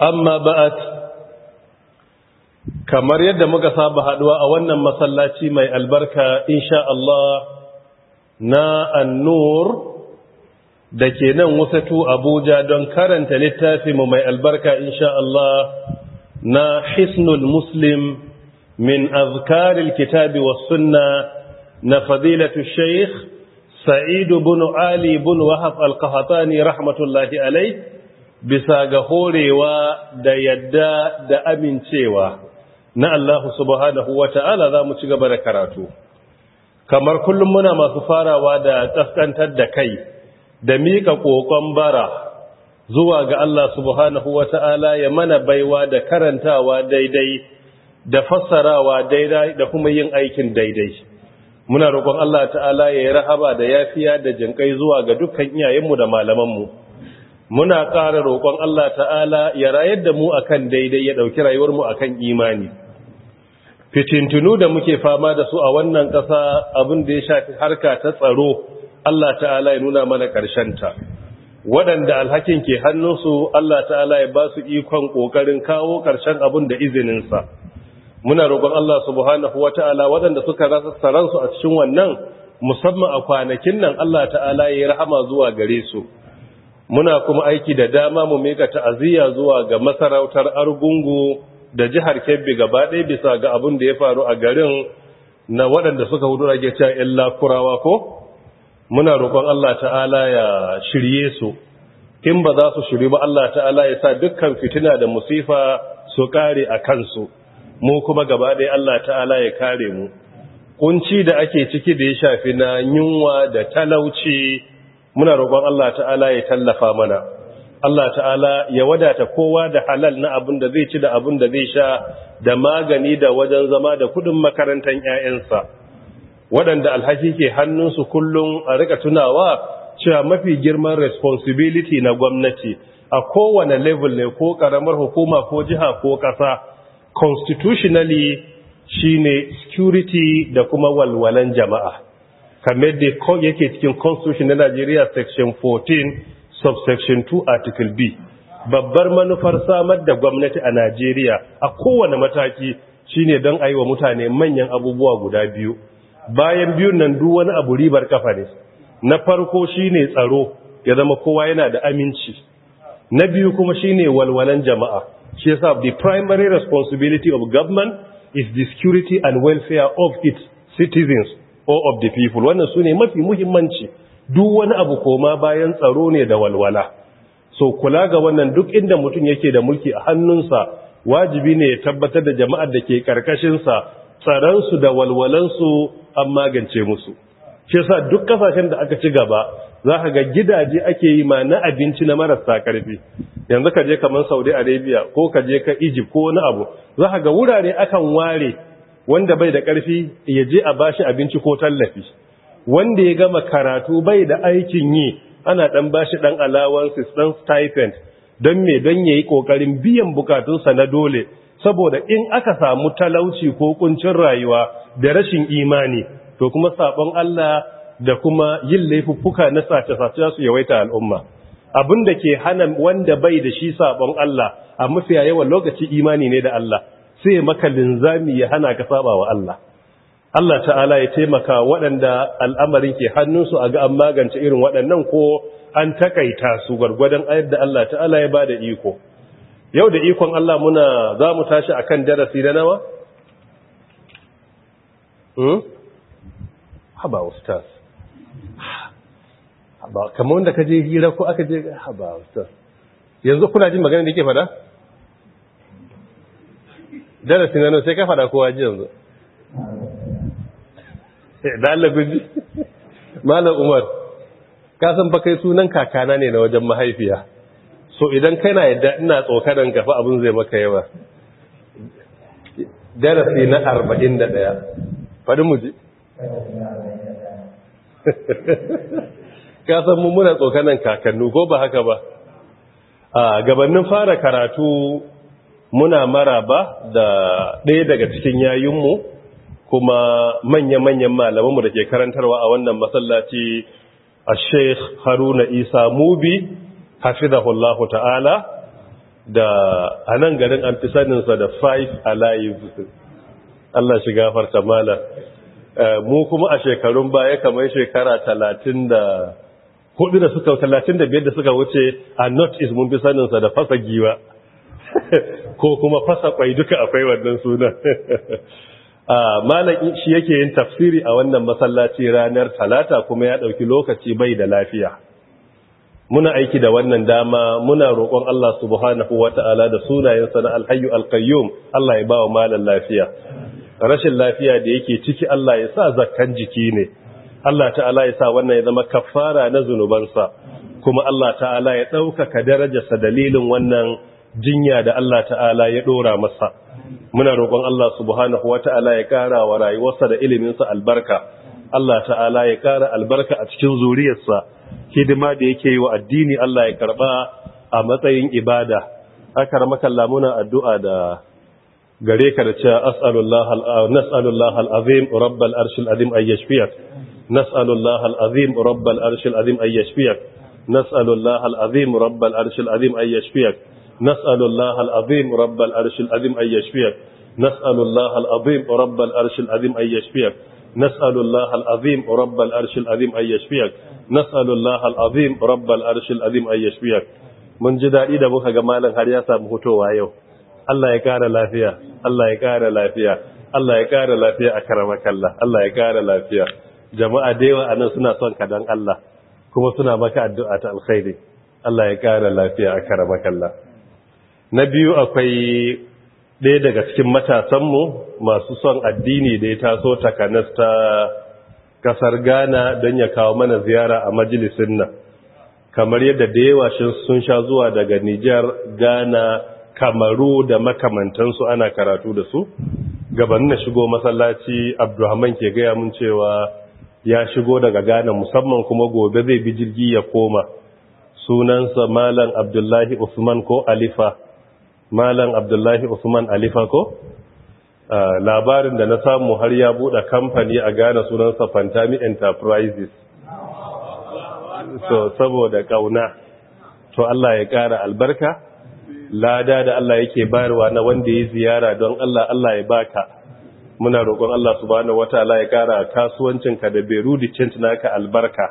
amma ba'at kamar yadda muka saba haduwa a wannan masallaci mai albarka insha Allah na annur da ke nan wasatu Abuja don karanta littafi mu mai albarka insha Allah na Hisnul Muslim min azkaril kitabi was sunna na fadilatu Sheikh Sa'idu ibn Ali ibn Wahab al-Qahtani rahmatullahi alayh bisa ga horewa da yadda da amincewa na Allah subhanahu wa ta'ala za mu ci gaba da karatu. Kamar kullum muna masu farawa da ƙasƙantar da kai da miƙa ƙoƙon bara zuwa ga Allah subhanahu wa ta'ala ya mana baiwa da karantawa daidai da fassarawa daidai da kuma yin aikin daidai. Muna roƙon Allah ta'ala ya yi rahaba da yafiya da jinƙai zuwa ga dukkan iyayenmu da malamanmu. muna ƙara roƙon Allah ta'ala ya rayar da mu akan daidai ya ɗauki rayuwar mu akan imani fitintunu da muke fama da su a wannan ƙasa abin da ya shafi harka ta tsaro Allah ta'ala ya nuna mana ta. waɗanda alhakin ke hannunsu Allah ta'ala ya ba su ikon ƙoƙarin kawo ƙarshen abin da izininsa muna roƙon Allah subhanahu wa ta'ala waɗanda suka rasa tsaransu a cikin wannan musamman a kwanakin nan Allah ta'ala ya yi rahama zuwa gare su muna kuma aiki da dama mu mika ta'aziyya zuwa ga masarautar Argungu da jihar Kebbi gaba ɗaya bisa ga abin da ya faru a garin na waɗanda suka hudu rage cewa illa kurawa ko muna roƙon Allah ta'ala ya shirye su kin ba za su shiri ba Allah ta'ala ya sa dukkan fitina da musifa su kare a kansu mu kuma gaba ɗaya Allah ta'ala ya kare mu kunci da ake ciki da ya shafi na yunwa da talauci muna roƙon Allah ta'ala ya tallafa mana Allah ta'ala ya wadata kowa da halal na abin da zai ci da abin da zai sha da magani da wajen zama da kudin makarantar 'ya'yansa waɗanda alhaki ke hannunsu kullum a rika tunawa cewa mafi girman responsibility na gwamnati a kowane level ne ko karamar hukuma ko jiha ko ƙasa constitutionally shine security da kuma walwalan jama'a kamar da yake cikin constitution na Najeriya section 14 subsection 2 article B babbar manufar samar da gwamnati a Najeriya a kowane mataki shine don ayi wa mutane manyan abubuwa guda biyu bayan biyun nan duk wani abu ribar kafa ne na farko shine tsaro ya zama kowa yana da aminci na biyu kuma shine walwalan jama'a shi yasa the primary responsibility of government is the security and welfare of its citizens all of the people wannan su ne mafi muhimmanci duk wani abu koma bayan tsaro ne da walwala so kula ga wannan duk inda mutum yake da mulki a hannunsa wajibi ne ya tabbatar da jama'ar da ke karkashinsa tsaransu da walwalansu an magance musu shi yasa duk kasashen da aka ci gaba za ka ga gidaje ake yi ma na abinci na marasa karfi yanzu ka je kamar saudi arabia ko ka je ka egypt ko wani abu za ka ga wurare akan ware wanda bai da ƙarfi ya je a bashi abinci ko tallafi wanda ya gama karatu bai da aikin yi ana ɗan bashi dan allowances dan stipend don me don yayi ƙoƙarin biyan bukatunsa na dole saboda in aka samu talauci ko kuncin rayuwa da rashin imani to kuma sabon Allah da kuma yin laifuffuka na sace-sace su yawaita al'umma abinda ke hana wanda bai da shi sabon Allah a mafiya yawan lokaci imani ne da Allah sai maka linzami ya hana ka saba wa Allah Allah ta'ala ya taimaka waɗanda al'amarin ke hannunsu a ga an magance irin waɗannan ko an takaita su gwargwadon ayar da Allah ta'ala ya ba da iko yau da ikon Allah muna za mu tashi a kan darasi da nawa? Hmm? haba ustaz kamar wanda ka je hira ko aka je haba ustaz yanzu kuna jin magana da ke fada? darasin nan sai ka fada kowa ji yanzu eh, da Allah guji malam Umar ka san ba kai sunan kakana ne na wajen mahaifiya so idan kai na yadda ina tsokanan gafa abin zai maka yawa darasi na 41 fadi muji ka san mun muna tsokanan kakannu ko ba haka ba a gabanin fara karatu muna maraba da ɗaya daga cikin yayinmu kuma manya-manyan malamanmu da ke karantarwa a wannan masallaci a sheikh haruna isa mubi hafizahullahu ta'ala da a nan garin an fi saninsa da five alive Allah shi gafarta mala eh, mu kuma a shekarun baya kamar shekara talatin da hudu da suka talatin da biyar da suka wuce a not is mun fi saninsa da fasa giwa ko kuma fasa kwai duka akwai wannan sunan ah, malam shi yake yin tafsiri a wannan masallaci ranar talata kuma ya dauki lokaci bai da lafiya muna aiki da wannan dama muna roƙon Allah subhanahu wata'ala da sunayensa na alhayyu alqayyum Allah ya bawa Mallam lafiya rashin lafiya da yake ciki Allah ya sa zakkan jiki ne Allah ta'ala ya sa wannan ya zama kaffara na zunubansa kuma Allah ta'ala ya ɗaukaka darajarsa dalilin wannan jinya da Allah ta'ala ya ɗora masa muna roƙon Allah subhanahu wa ta'ala ya ƙara wa rayuwarsa da iliminsa albarka Allah ta'ala ya ƙara albarka a cikin zuriyarsa hidima da yake yi wa addini Allah ya karɓa a matsayin ibada aka ramakalla muna addu'a da gare ka da cewa nas'alullah al'azim rabbal arshil azim ayyashfiyak nas'alullah al'azim rabbal arshil azim ayyashfiyak nas'alullah al'azim rabbal arshil azim ayyashfiyak نسأل الله العظيم رب العرش العظيم أن يشفيك نسأل الله العظيم رب العرش العظيم أن يشفيك نسأل الله العظيم رب العرش العظيم أن يشفيك نسأل الله العظيم رب العظيم أن يشفيك mun ji daɗi da muka ga malam har ya samu hutowa yau Allah ya ƙara lafiya Allah ya ƙara lafiya Allah ya ƙara lafiya a karamakalla Allah ya ƙara lafiya jama'a da yawa anan suna son ka Allah kuma suna maka addu'a ta alkhairi Allah ya ƙara lafiya a karamakalla na biyu akwai ɗaya daga cikin matasanmu masu son addini da ya taso takanas ta kasar ghana don ya kawo mana ziyara a majalisin nan kamar yadda da yawa sun sha zuwa daga nijar ghana kamaru da makamantansu ana karatu da su Gabani na shigo masallaci abdulhaman ke gaya mun cewa ya shigo daga ghana musamman kuma gobe zai bi jirgi ya koma sunansa malam abdullahi usman ko alifa malam abdullahi usman alifa ko labarin da na samu har ya buɗe kamfani a gane sunansa fantami enterprises so saboda ƙauna to Allah ya ƙara albarka lada da Allah yake bayarwa na wanda ya ziyara don Allah Allah ya baka muna roƙon Allah subhanahu wataala ya ƙara kasuwancinka da berudi cint naka albarka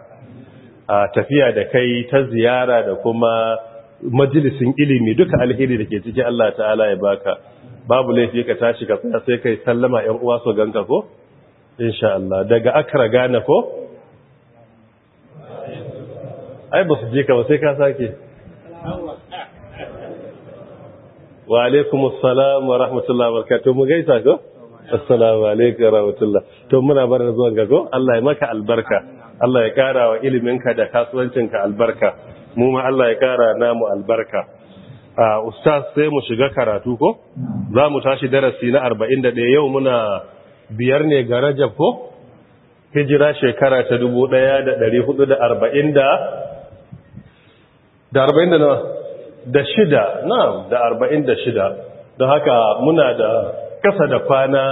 a tafiya da kai ta ziyara da kuma majalisin ilimi duka alheri da ke ciki Allah ta'ala ya baka babu laifi ka tashi ka tsaya sai kai sallama ƴan uwa su ganka ko insha Allah daga akra gane ko ai ba su je ka ba sai ka sake wa alaikum assalam wa rahmatullahi wa barakatuh mu gaisa ko assalamu alaikum wa rahmatullahi to muna bar zuwan ko Allah ya maka albarka Allah ya kara wa iliminka da kasuwancinka albarka mu ma Allah ya kara namu albarka ustaz sai mu shiga karatu ko za mu tashi darasi na 41 yau muna biyar ne ga rajab ko hijira shekara ta 1440 da da 40 da da shida na'am da 46 don haka muna da kasa da kwana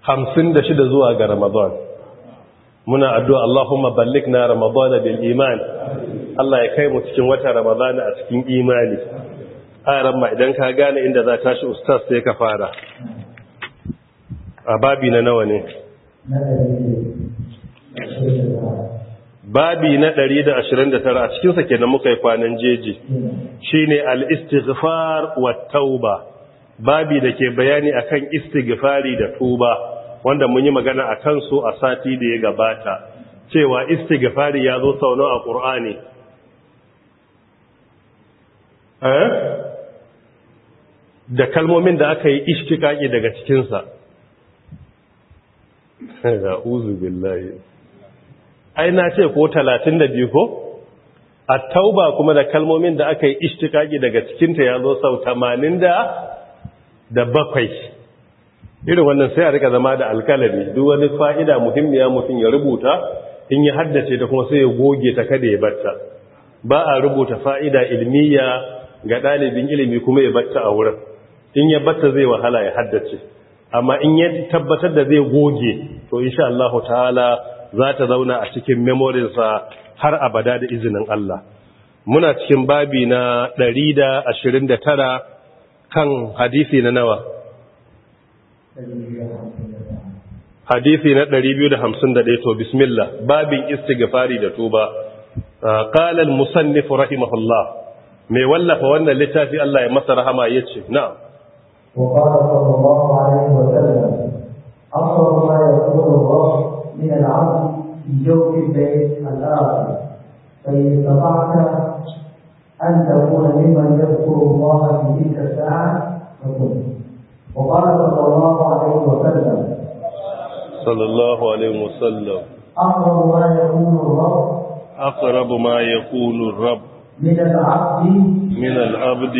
56 zuwa ga ramadan muna addu'a Allahumma na Ramadana bil imani Allah ya kai mu cikin wata Ramadana a cikin imani a ramma idan ka gane inda za ta shi ustaz sai ka fara a babi na nawa ne babi na 129 a cikinsa ke na muka yi kwanan jeji shi ne al'istighfar wa tauba babi da ke bayani akan istighfari da tuba wanda mun yi magana a kansu a sati da ya gabata cewa istighfari ya zo sau nawa a ƙur'ani eh? da kalmomin da aka yi ishtikaki daga cikinsa da eh, uzu billahi ai na ce ko 32 ko a tauba kuma da kalmomin da aka yi ishtikaki daga cikinta ya zo sau 80 da bakwai irin wannan sai a rika zama da alkalami duk wani fa'ida muhimmiya mutum ya rubuta in ya haddace ta kuma sai ya goge ta kada ya batta ba a rubuta fa'ida ilmiya ga ɗalibin ilimi kuma ya batta a wurin in ya batta zai wahala ya haddace amma in ya tabbatar da zai goge to insha Allah ta'ala za ta zauna a cikin memorinsa har abada da izinin Allah muna cikin babi na 129 kan hadisi na nawa hadisi na 251 to bismillah babin istighfari da tuba ah, qala al-musannif rahimahullah mai wallafa wannan littafi Allah ya masa rahama yace na'am wa qala sallallahu alaihi wa sallam afdal ma yakunu Allah min al-'abd yawmi an وقال صلى الله عليه وسلم صلى الله عليه وسلم أقرب ما يكون الرب أقرب ما يكون الرب من العبد من العبد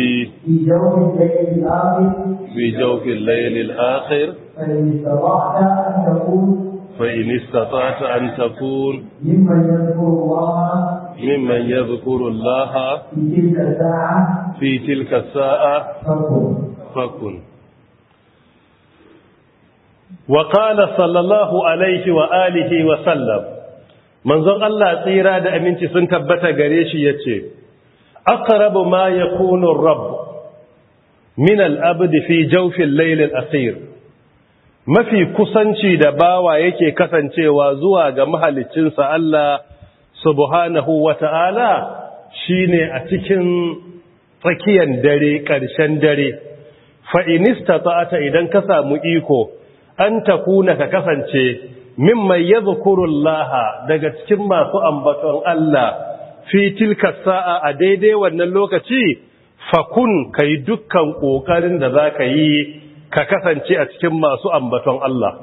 في جوف الليل الآخر في جوف الليل الآخر فإن استطعت أن تكون فإن استطعت أن تكون ممن يذكر الله ممن يذكر الله في تلك الساعة في تلك الساعة فكن فكن وقال صلى الله عليه وآله وسلم منظر الله tsira da aminci sun tabbata gare shi yace aqrabu ma yakunu ar-rabb min al-abd fi jawf asir mafi kusanci da bawa yake kasancewa zuwa ga mahaliccinsa Allah subhanahu wata'ala shine a cikin tsakiyar dare ƙarshen dare fa ta idan ka samu iko an takuna ka kasance mimman yadhkurullaha daga cikin masu ambaton Allah fi tilka sa'a a daidai wannan lokaci fakun yi dukkan ƙoƙarin da ka yi ka kasance a cikin masu ambaton Allah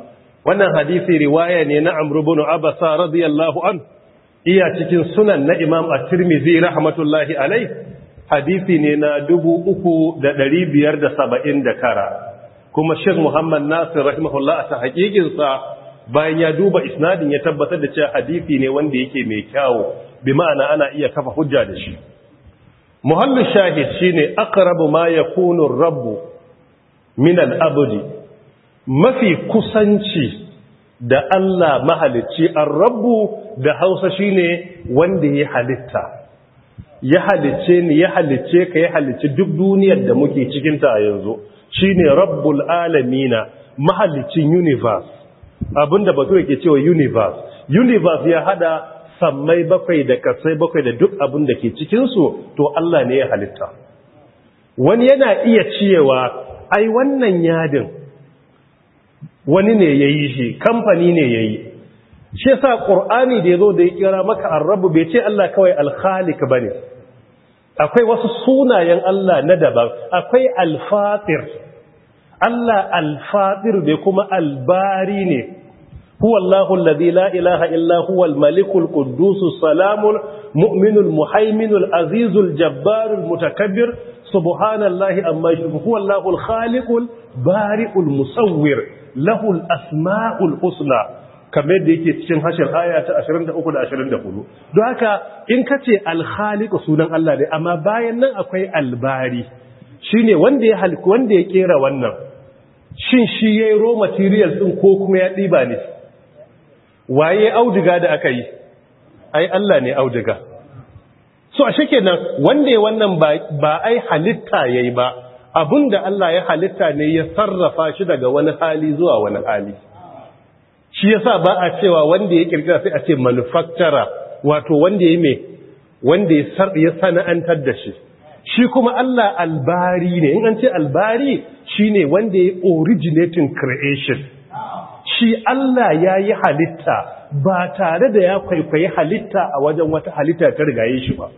wannan hadisi riwaya ne na amrubunu ibn Abasa radiyallahu an iya cikin sunan na Imam At-Tirmidhi rahmatullahi alai, hadisi ne na 3579 kuma Sheikh Muhammad Nasir rahimahullah ta ta hakikinsa bayan ya duba isnadin ya tabbatar da cewa hadisi ne wanda yake mai kyawu. bi ma'ana ana iya kafa hujja da shi muhallu shahid shine aqrabu ma yakunu ar-rabb min al-abd mafi kusanci da Allah mahalicci ar Rabbu da Hausa shine wanda ya halitta ya halicce ni ya halicce ka ya halicci duk duniyar da muke cikin ta yanzu Shi ne rabbul alamina mahallicin universe abinda bature ke cewa universe universe ya hada sammai bakwai da kasai bakwai da duk abin da ke cikinsu, to Allah ne ya halitta wani yana iya cewa ai wannan yadin wani ne ya yi shi kamfani ne ya yi. shi sa qur'ani da ya zo da ya kira maka arrabu. bai ce Allah kawai alhalik ba ne. akwai wasu sunayen Allah na daban akwai alfatir Allah alfadir ne kuma albari ne huwallahu alladhi la ilaha illa huwal malikul quddus salamul mu'minul muhaiminul azizul jabbarul mutakabbir subhanallahi amma yushrikun huwallahu alkhaliqul bari'ul musawwir lahul asma'ul husna kamar da yake cikin hashin aya ta 23 da 24 don haka in ka ce sunan Allah ne amma bayan nan akwai albari shine wanda ya wanda ya kera wannan shin shi ya yi raw material ɗin ko kuma ya ɗiba ne waye auduga da aka yi ai Allah ne auduga so a shi kenan wanda ya wannan ba ai halitta ya yi ba abinda Allah ya halitta ne ya sarrafa shi daga wani hali zuwa wani hali shi yasa ba a cewa wanda ya kirkira sai a ce manufacturer wato wanda ya mai wanda ya sana'antar da shi shi kuma Allah albari ne in an ce albari shi ne wanda ya originating creation shi Allah ya yi halitta ba tare da ya kwaikwayi halitta a wajen wata halitta ta rigaye shi ba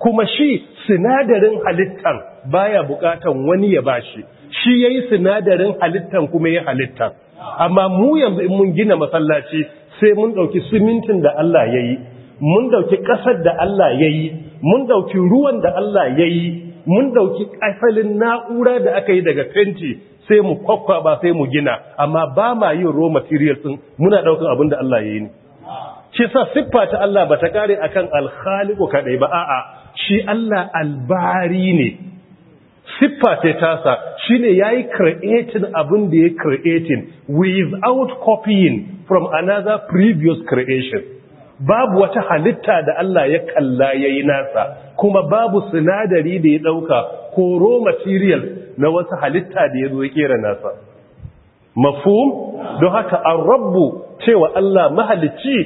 kuma shi sinadarin halittan baya bukatan wani ya bashi shi yayi sinadarin halittan kuma ya halitta amma mu yanzu in mun gina masallaci sai mun dauki simintin da Allah yayi mun dauki ƙasar da Allah ya yi mun dauki ruwan da Allah ya yi mun dauki asalin na'ura da aka yi daga fenti sai mu kwakwa ba sai mu gina amma ba ma yin raw material din muna daukan abin da Allah ya yi ne shi sa siffa ta Allah ba ta kare akan al-khaliqu kadai ba a'a shi Allah albari ne siffa ta tasa shine yayi creating abin da ya creating without copying from another previous creation babu wata halitta da Allah ya kalla yayi nasa kuma babu sinadari da ya ɗauka ko raw material na wata halitta da ya zo ya kera nasa mafhum don haka an rabbu cewa Allah mahalicci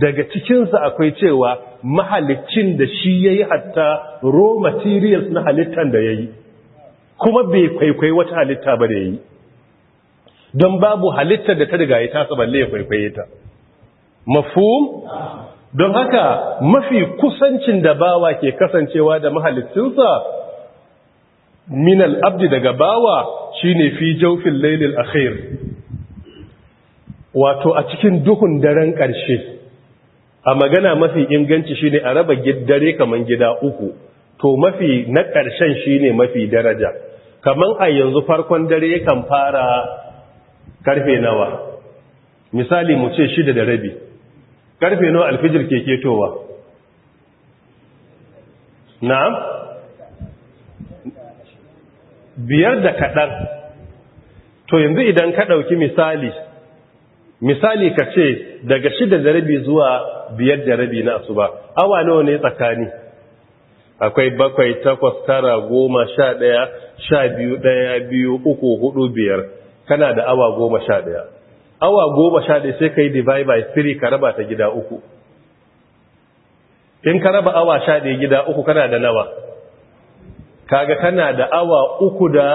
daga cikinsa akwai cewa mahalicin da shi yayi hatta raw materials na halittan da yayi kuma bai kwaikwai wata halitta ba da yayi don babu halittar da ta riga ya tasa balle ya kwaikwaye ta mafhum don haka mafi kusancin da bawa ke kasancewa da mahalittinsa minal abdi daga bawa shine fi jawfin lailil akhir wato a cikin duhun daren ƙarshe a magana mafi inganci shine a raba dare kaman gida uku to mafi na ƙarshen shine mafi daraja kaman a yanzu farkon dare kan fara karfe nawa misali mu ce shida da rabi karfe nawa alfijir ke ketowa na'am biyar da kaɗan to yanzu idan ka ɗauki misali misali ka ce daga shida da rabi zuwa biyar da rabi na asuba awa nawa ne tsakani akwai bakwai takwas tara goma sha ɗaya sha biyu ɗaya biyu uku hudu biyar kana da awa goma sha ɗaya awa goma sha ɗaya sai ka yi divide by three ka raba ta gida uku in ka raba awa sha ɗaya gida uku kana da nawa kaga kana da awa uku da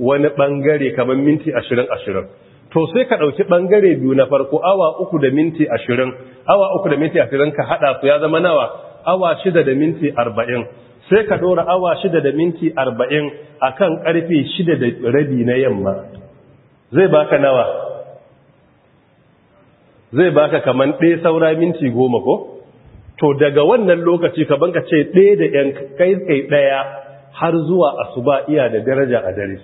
wani ɓangare kamar minti ashirin ashirin to sai ka ɗauki ɓangare biyu na farko awa uku da minti ashirin awa uku da minti ashirin ka haɗa su ya zama nawa awa shida da minti arba'in sai ka ɗora awa shida da minti arba'in a kan ƙarfe shida da rabi na yamma zai baka nawa zai baka kaman ɗaya saura minti goma ko to daga wannan lokaci ka banka ce ɗaya da ‘yan kai tsaye ɗaya har zuwa asuba iya da daraja a dare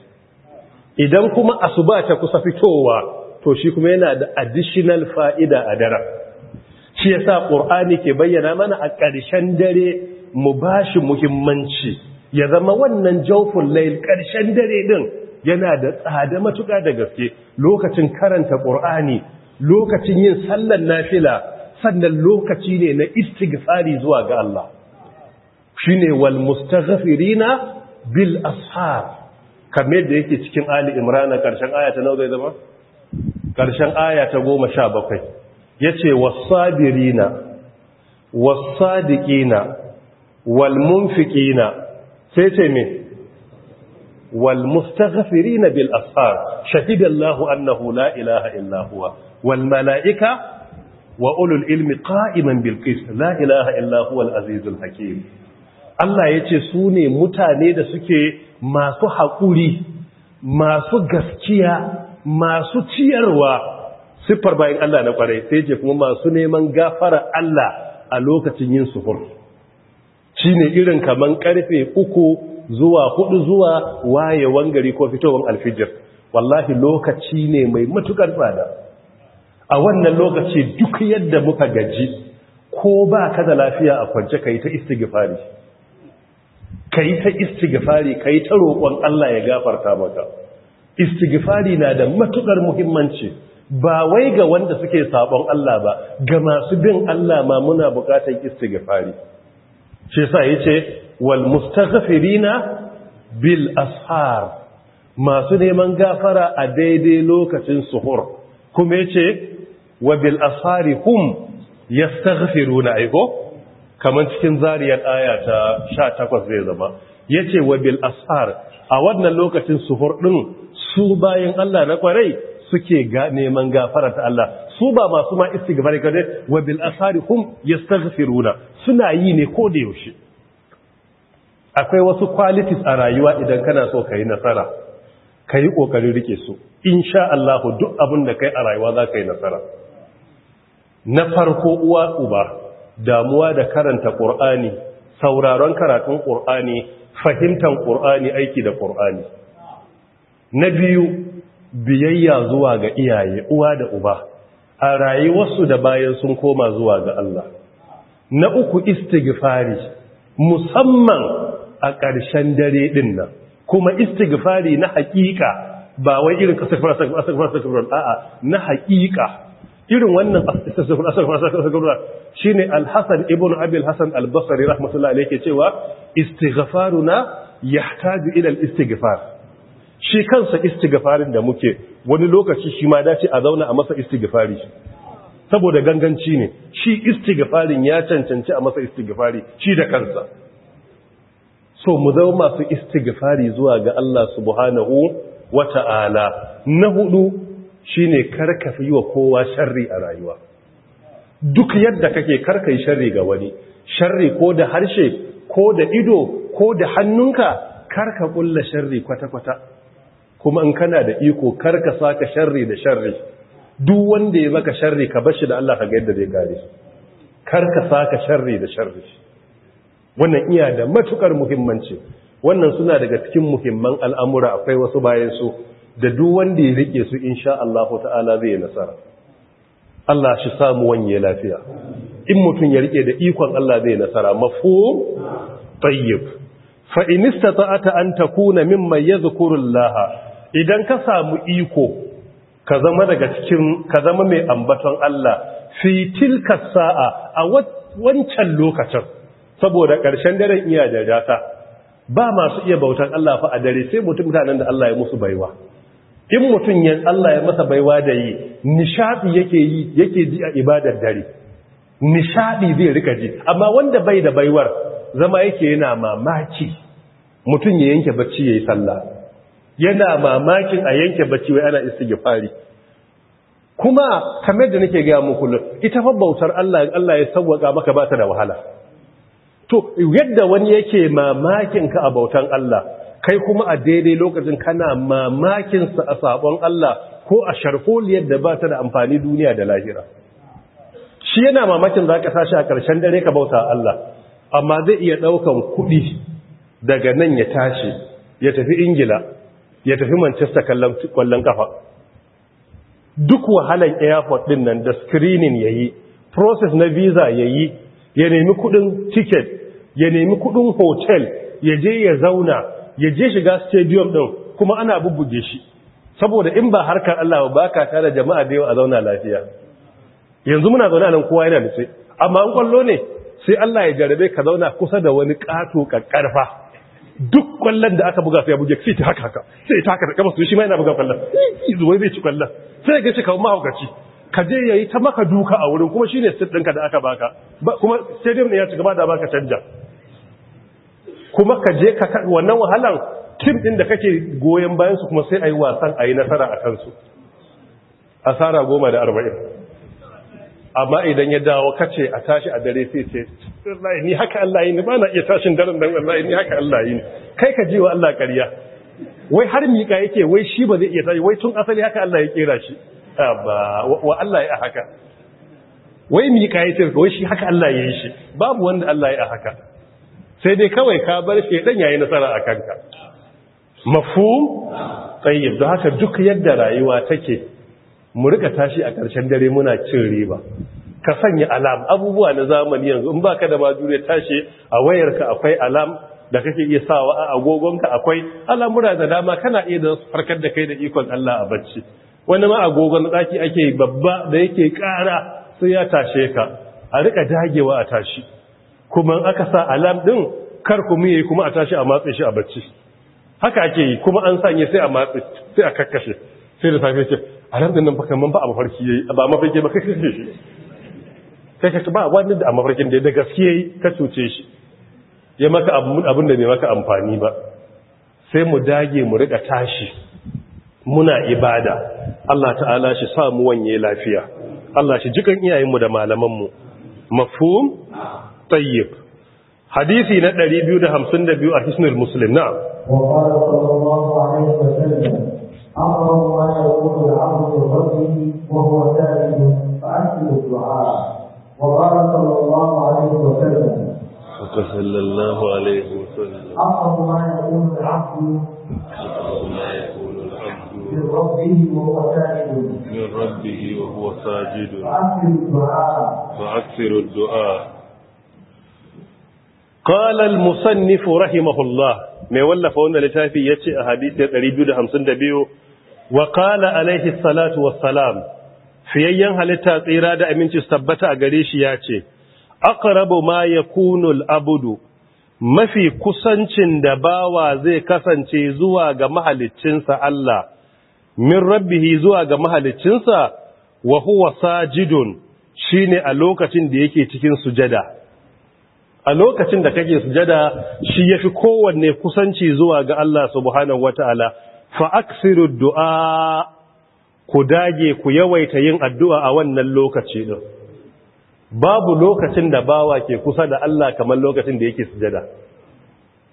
idan kuma asuba ta kusa fitowa to shi kuma yana da additional fa'ida a dare shi ya sa ƙur'ani ke bayyana mana a ƙarshen dare mu ba shi muhimmanci ya zama wannan jaufin lail ƙarshen dare ɗin yana da tsada matuƙa da gaske lokacin karanta ƙur'ani lokacin yin sallan nafila sannan lokaci ne na istighfari zuwa ga Allah shine wal mustaghfirina bil ashar kamar da yake cikin Ali Imran a aya ta nawa zai zama karshen aya ta 17 yace was-sabirina was-sadiqina wal munfiqina sai ce me والمستغفرين bil شهد الله أنه لا إله إلا هو wal mala'ika wa ulul ilmi qa'iman bil qist la ilaha illa huwal azizul hakim Allah yace su ne mutane da suke masu haƙuri masu gaskiya masu ciyarwa siffar bayan Allah na kwarai sai ce kuma masu neman gafara Allah a lokacin yin suhur shine irin kaman karfe uku zuwa huɗu zuwa wayewan gari ko fitowar alfijir wallahi lokaci ne mai matukar tsada a wannan lokaci duk yadda muka gaji ko ba ka da lafiya a kwance ka yi ta istigifari ka yi ta istigifari ka yi ta roƙon Allah ya gafarta maka istigifari na da matuƙar muhimmanci ba wai ga wanda suke sabon Allah ba ga masu bin Allah ma muna buƙatar ce sa yasa yace wal mustaghfirina bil ashar masu neman gafara a daidai lokacin suhur kuma yace wabil asari hum yastaghfiruna aiko kaman cikin zariyar aya ta 18 zai zama yace wabil asar a wannan lokacin suhur ɗin su bayan Allah na kwarai suke ga neman gafara ta Allah su ba masu ma istighfari kade wa bil asari hum yastaghfiruna suna yi ne ko da yaushe akwai wasu qualities a rayuwa idan kana so ka yi nasara kai kokarin rike su insha Allah duk abin da kai a rayuwa za ka yi nasara na farko uwa uba damuwa da karanta ƙur'ani sauraron karatun ƙur'ani fahimtar ƙur'ani aiki da ƙur'ani na biyu biyayya zuwa ga iyaye uwa da uba a rayuwarsu da bayan sun koma zuwa ga Allah na uku istighfari musamman a ƙarshen dare ɗin nan kuma istighfari na haƙiƙa ba wai irin ka sakfar sakfar a'a na haƙiƙa irin wannan shi ne alhassan ibn abil hassan albasari rahmatullah ne ke cewa istighfaruna yahtaju ila istighfar shi kansa istighfarin da muke wani lokaci shi ma dace a zauna a masa istighfari saboda ganganci ne shi istighfarin ya cancanci a masa istighfari shi da kansa so mu zama masu istighfari zuwa ga Allah subhanahu wata'ala na hudu Shi shine karka fi wa kowa sharri a rayuwa duk yadda kake karka yi sharri ga wani sharri ko da harshe ko da ido ko da hannunka karka kulla sharri kwata-kwata kuma in kana da iko karka saka sharri da sharri duk wanda ya maka sharri ka bashi da Allah ga yadda zai gare karka saka sharri da sharri wannan iya da matukar muhimmanci wannan suna daga cikin muhimman al'amura akwai wasu bayan su da duk wanda ya rike su in sha Allah ta'ala zai yi nasara Allah shi samu wanye lafiya in mutum ya rike da ikon Allah zai nasara mafu tayyib fa in istata'ata an takuna mimman yadhkurullaha idan ka samu iko ka zama daga cikin ka zama mai ambaton Allah fi tilka sa'a a wancan lokacin saboda ƙarshen daren iya da data ba masu iya bautan Allah fa a dare sai mutum mutanen da Allah ya musu baiwa in mutum yin Allah ya masa baiwa da yi nishaɗi yake yi yake ji a ibadar dare nishaɗi zai rika ji amma wanda bai da baiwar zama yake yana mamaki mutum ya yanke bacci ya yi sallah yana mamakin a yanke bacci wai ana ya fari. kuma kamar da nake gaya muku ita fa bautar Allah ya Allah ya sawwaka maka ba ta da wahala to yadda wani yake mamakin ka a bautan Allah kai kuma a daidai lokacin kana mamakinsa a sabon Allah ko a sharholiyar yadda ba ta da amfani duniya da lahira shi yana mamakin za ka sashi a ƙarshen dare ka bauta Allah amma zai iya ɗaukan kuɗi daga nan ya tashi ya tafi ingila ya tafi manchester kwallon kafa duk wahalan airport ɗin nan da screening ya yi, process na visa ya yi, ya nemi kuɗin ticket ya nemi kuɗin hotel ya je ya zauna ya je shiga stadium ɗin kuma ana bubbuge shi saboda in ba harkar Allah ba ka tare jama'a da yau a zauna lafiya yanzu muna zauna nan kowa yana nutse amma an kwallo ne sai Allah ya jarabe ka zauna kusa da wani kato kakkarfa duk kwallon da aka buga sai ya buge sai ta haka haka sai ta haka kamar su shi ma yana buga kwallon zuwa zai ci kwallon sai ga shi kawo mahaukaci ka je yayi ta maka duka a wurin kuma shine sit ɗinka da aka baka kuma stadium ne ya ci gaba da baka canja kuma ka je ka wannan wahalan tim din da kake goyen bayan su kuma sai ayi wasan ayi nasara a kansu asara goma da arba'in amma idan ya dawo kace a tashi a dare sai ce wallahi ni haka Allah yi ni ba na iya tashin daren dan wallahi ni haka Allah yi ni kai ka ji wa Allah ƙarya wai har miƙa yake wai shi ba zai iya tashi wai tun asali haka Allah ya kera shi wa Allah ya haka wai miƙa yake wai shi haka Allah ya yi shi babu wanda Allah ya haka sai dai kawai ka bar dan yayi nasara a kanka mafhum tayyib don haka duk yadda rayuwa take mu rika tashi a ƙarshen dare muna cin riba ka sanya alam abubuwa na zamani yanzu in baka da majure tashi a wayarka akwai alam da kake iya sawa a agogonka akwai al'amura da dama kana iya da farkar da kai da ikon Allah a bacci wani ma agogon tsaki ake babba da yake kara sai ya tashe ka a rika dagewa a tashi kuma aka sa alam din kar ku miye kuma a tashi a matse shi a bacci haka ake yi kuma an sanye sai a matse sai a kakkashe sai da safe ce alam din nan bakan man ba a mafarki yayi ba mafarki ba kakkashe shi sai ka ba wani da a mafarkin da da gaskiya yi ka cuce shi ya maka abin da bai maka amfani ba sai mu dage mu rika tashi muna ibada Allah ta'ala shi samu wanye lafiya Allah shi jikan iyayenmu da malamanmu mafhum طيب حديثي na 252 a hisnul المسلم نعم وقال صلى الله عليه وسلم أمر ما يقول العبد لربه وهو سائل فأنزل الدعاء وقال صلى الله عليه وسلم صلى الله عليه وسلم أمر ما يقول العبد ما يقول العبد من ربه وهو من ربه وهو ساجد فأكثر الدعاء فأكثر الدعاء qala al musannif rahimahullah mai wallafa wannan littafi yace a hadisi 252 wa qala alaihi salatu wassalam fiyayyen halitta tsira da aminci tabbata a gare shi yace aqrabu ma yakunu al abdu mafi kusancin da bawa zai kasance zuwa ga mahaliccinsa Allah min rabbihi zuwa ga mahaliccinsa wa huwa sajidun shine a lokacin da yake cikin sujada a lokacin da kake sujada shi yafi kowanne kusanci zuwa ga Allah subhanahu wa. fa aksiru du'a ku dage ku yawaita yin addu'a a wannan lokaci din babu lokacin da bawa ke kusa da Allah kamar lokacin da yake sujada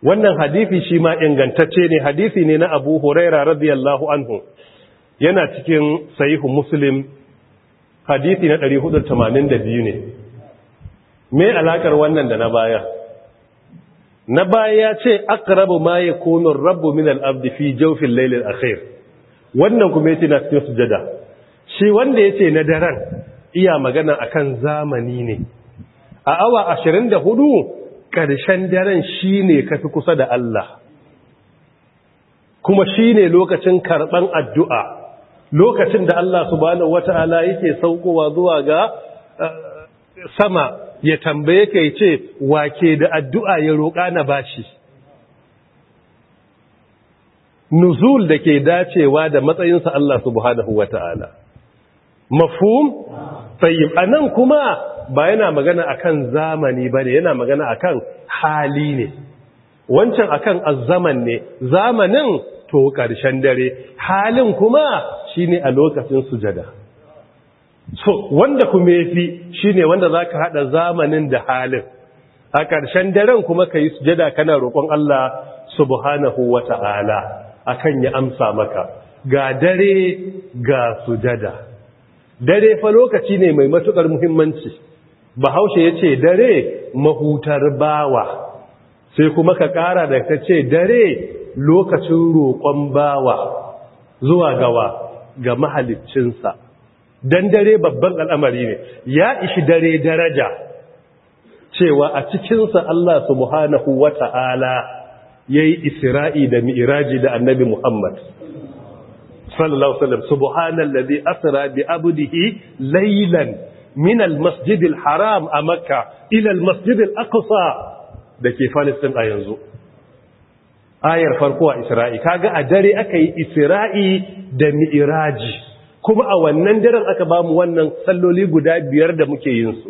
wannan hadisi shi ma ingantacce ne hadisi ne na Abu Huraira radiyallahu anhu yana cikin sahihu Muslim hadisi na 482 ne me alakar wannan da na baya na baya ya ce aqrabu ma yakunu rabbu min al-abdi fi jawfi al-layl al wannan kuma yace na cikin sujada shi wanda yace na daren iya magana akan zamani ne a awa hudu karshen daren shine kafi kusa da Allah kuma shine lokacin karban addu'a lokacin da Allah su subhanahu wata'ala yake saukowa zuwa ga eh, sama ya tambaye ka ya ce wake da addu'a ya roƙa na bashi nuzul da ke dacewa da matsayinsa Allah subhanahu wa ta'ala mafhum a nan kuma ba yana magana akan zamani ba ne, yana magana akan hali ne wancan akan azzaman ne zamanin to ƙarshen dare halin kuma shi ne a lokacin sujada so wanda kuma yafi shine wanda zaka hada zamanin da halin a ƙarshen daren kuma kai sujada kana roƙon Allah subhanahu wata'ala akan ya amsa maka ga dare ga sujada dare fa lokaci ne mai matukar muhimmanci bahaushe yace dare mahutar bawa sai kuma ka ƙara da ta ce dare lokacin roƙon bawa zuwa gawa ga mahaliccinsa dan dare babban al'amari ne ya ishi dare daraja cewa a cikinsa Allah subhanahu wata'ala ya yi isra'i da mi'iraji da annabi Muhammad sallallahu Alaihi subhanan lalzi asira bi abudihi lailan min almasjidil haram a makka ilal masjidil akusa da ke falistin a yanzu ayar farko a isra'i kaga a dare aka yi isra'i da mi'iraji kuma a wannan daren aka ba mu wannan salloli guda biyar da muke yin su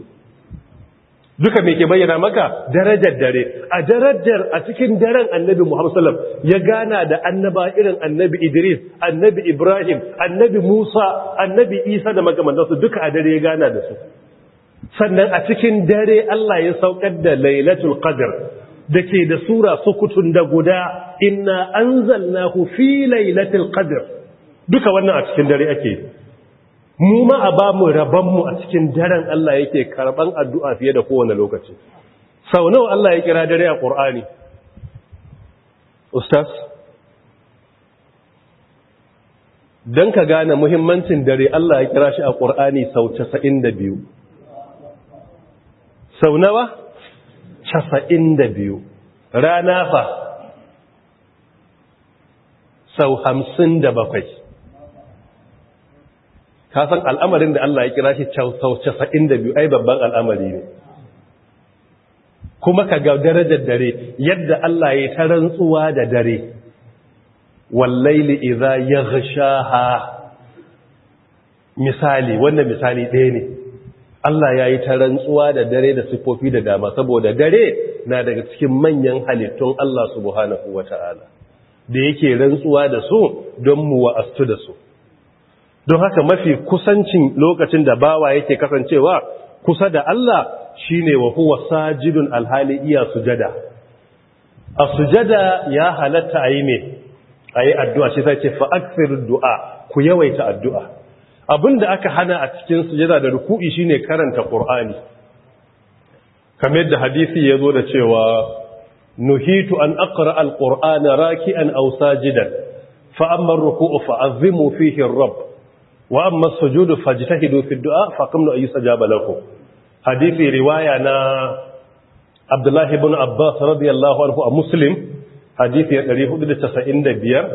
duka me ke bayyana maka darajar dare a darajar a cikin daren annabi Muhammad sallam ya gana da annaba irin annabi Idris annabi Ibrahim annabi Musa annabi Isa da makamantansu duka a dare ya gana da su sannan a cikin dare Allah ya saukar da Lailatul Qadr dake da sura sukutun da guda inna anzalnahu fi Lailatul Qadr duka wannan a cikin dare ake mu ma a ba mu rabanmu a cikin daren Allah yake karban addu'a fiye da kowane lokaci sau nawa Allah ya kira dare a ƙur'ani ustaz don ka gane muhimmancin dare Allah ya kira shi a ƙur'ani sau 92 sau nawa 92 rana fa sau 57 ka san al'amarin da Allah ya kira shi casa'in da biyu ai babban al'amari ne kuma ka ga darajar dare yadda Allah ya ta rantsuwa da dare wallaili idza yaghshaha misali wannan misali ɗaya ne Allah ya yi ta rantsuwa da dare da siffofi da dama saboda dare na daga cikin manyan halittun Allah subhanahu wata'ala da yake rantsuwa da su don mu wa'astu da su don haka mafi kusancin lokacin da bawa yake kasancewa kusa da Allah shine wa huwa sajidun alhali iya sujada a sujada ya halatta a yi ne a yi addu'a shi sai ce fa'akfir du'a ku yawaita addu'a da aka hana a cikin sujada da ruku'i shine karanta ƙur'ani kamar da hadisi ya zo da cewa nuhitu an aqra al-qur'ana raki'an au sajidan fa rukuu fa'azzimu wa amma sujudu fajtahidu fi du'a fa qamnu ayyusajaba lakum Hadithi riwaya na Abdullahi ibn Abbas radiyallahu anhu a Muslim hadisi 495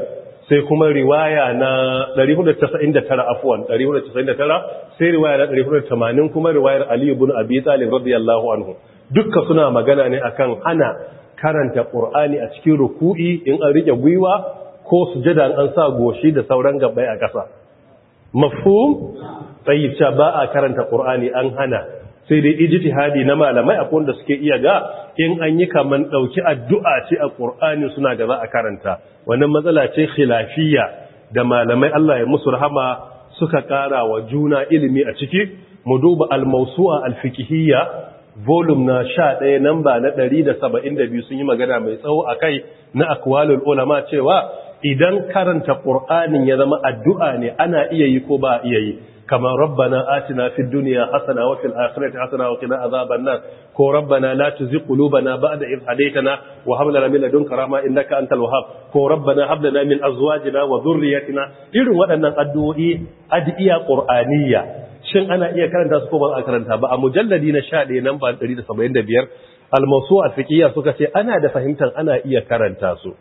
sai kuma riwaya na 499 afwan 499 sai riwaya na 480 kuma riwayar Ali ibn Abi Talib radiyallahu anhu dukkan suna magana ne akan hana karanta Qur'ani a cikin ruku'i in an rike gwiwa ko sujada an sa goshi da sauran gabbai a ƙasa mafhum tayyib ba a karanta qur'ani an hana sai dai ijtihadi na malamai akwai wanda suke iya ga in an yi kaman dauki addu'a ce a qur'ani suna ga za a karanta wannan matsala ce khilafiyya da malamai Allah ya musu rahama suka kara wa juna ilimi a ciki mu duba al-mawsu'a al-fiqhiyya volume na 11 saba'in na 172 sun yi magana mai tsawo akai na aqwalul ulama cewa idan karanta ƙur'anin ya zama addu'a ne ana iya yi ko ba a iya yi kamar rabbana atina fi duniya hasana wa fil akhirati hasana wa qina azaban nar ko rabbana la tuzigh qulubana ba'da idh hadaytana wa hab lana min ladunka rahma innaka antal wahhab ko rabbana hab lana min azwajina wa dhurriyyatina irin waɗannan addu'o'i adiya qur'aniyya shin ana iya karanta su ko ba a karanta ba a mujalladi na 11 da 175 al-mawsu'a fiqhiyya suka ce ana da fahimtar ana iya karanta su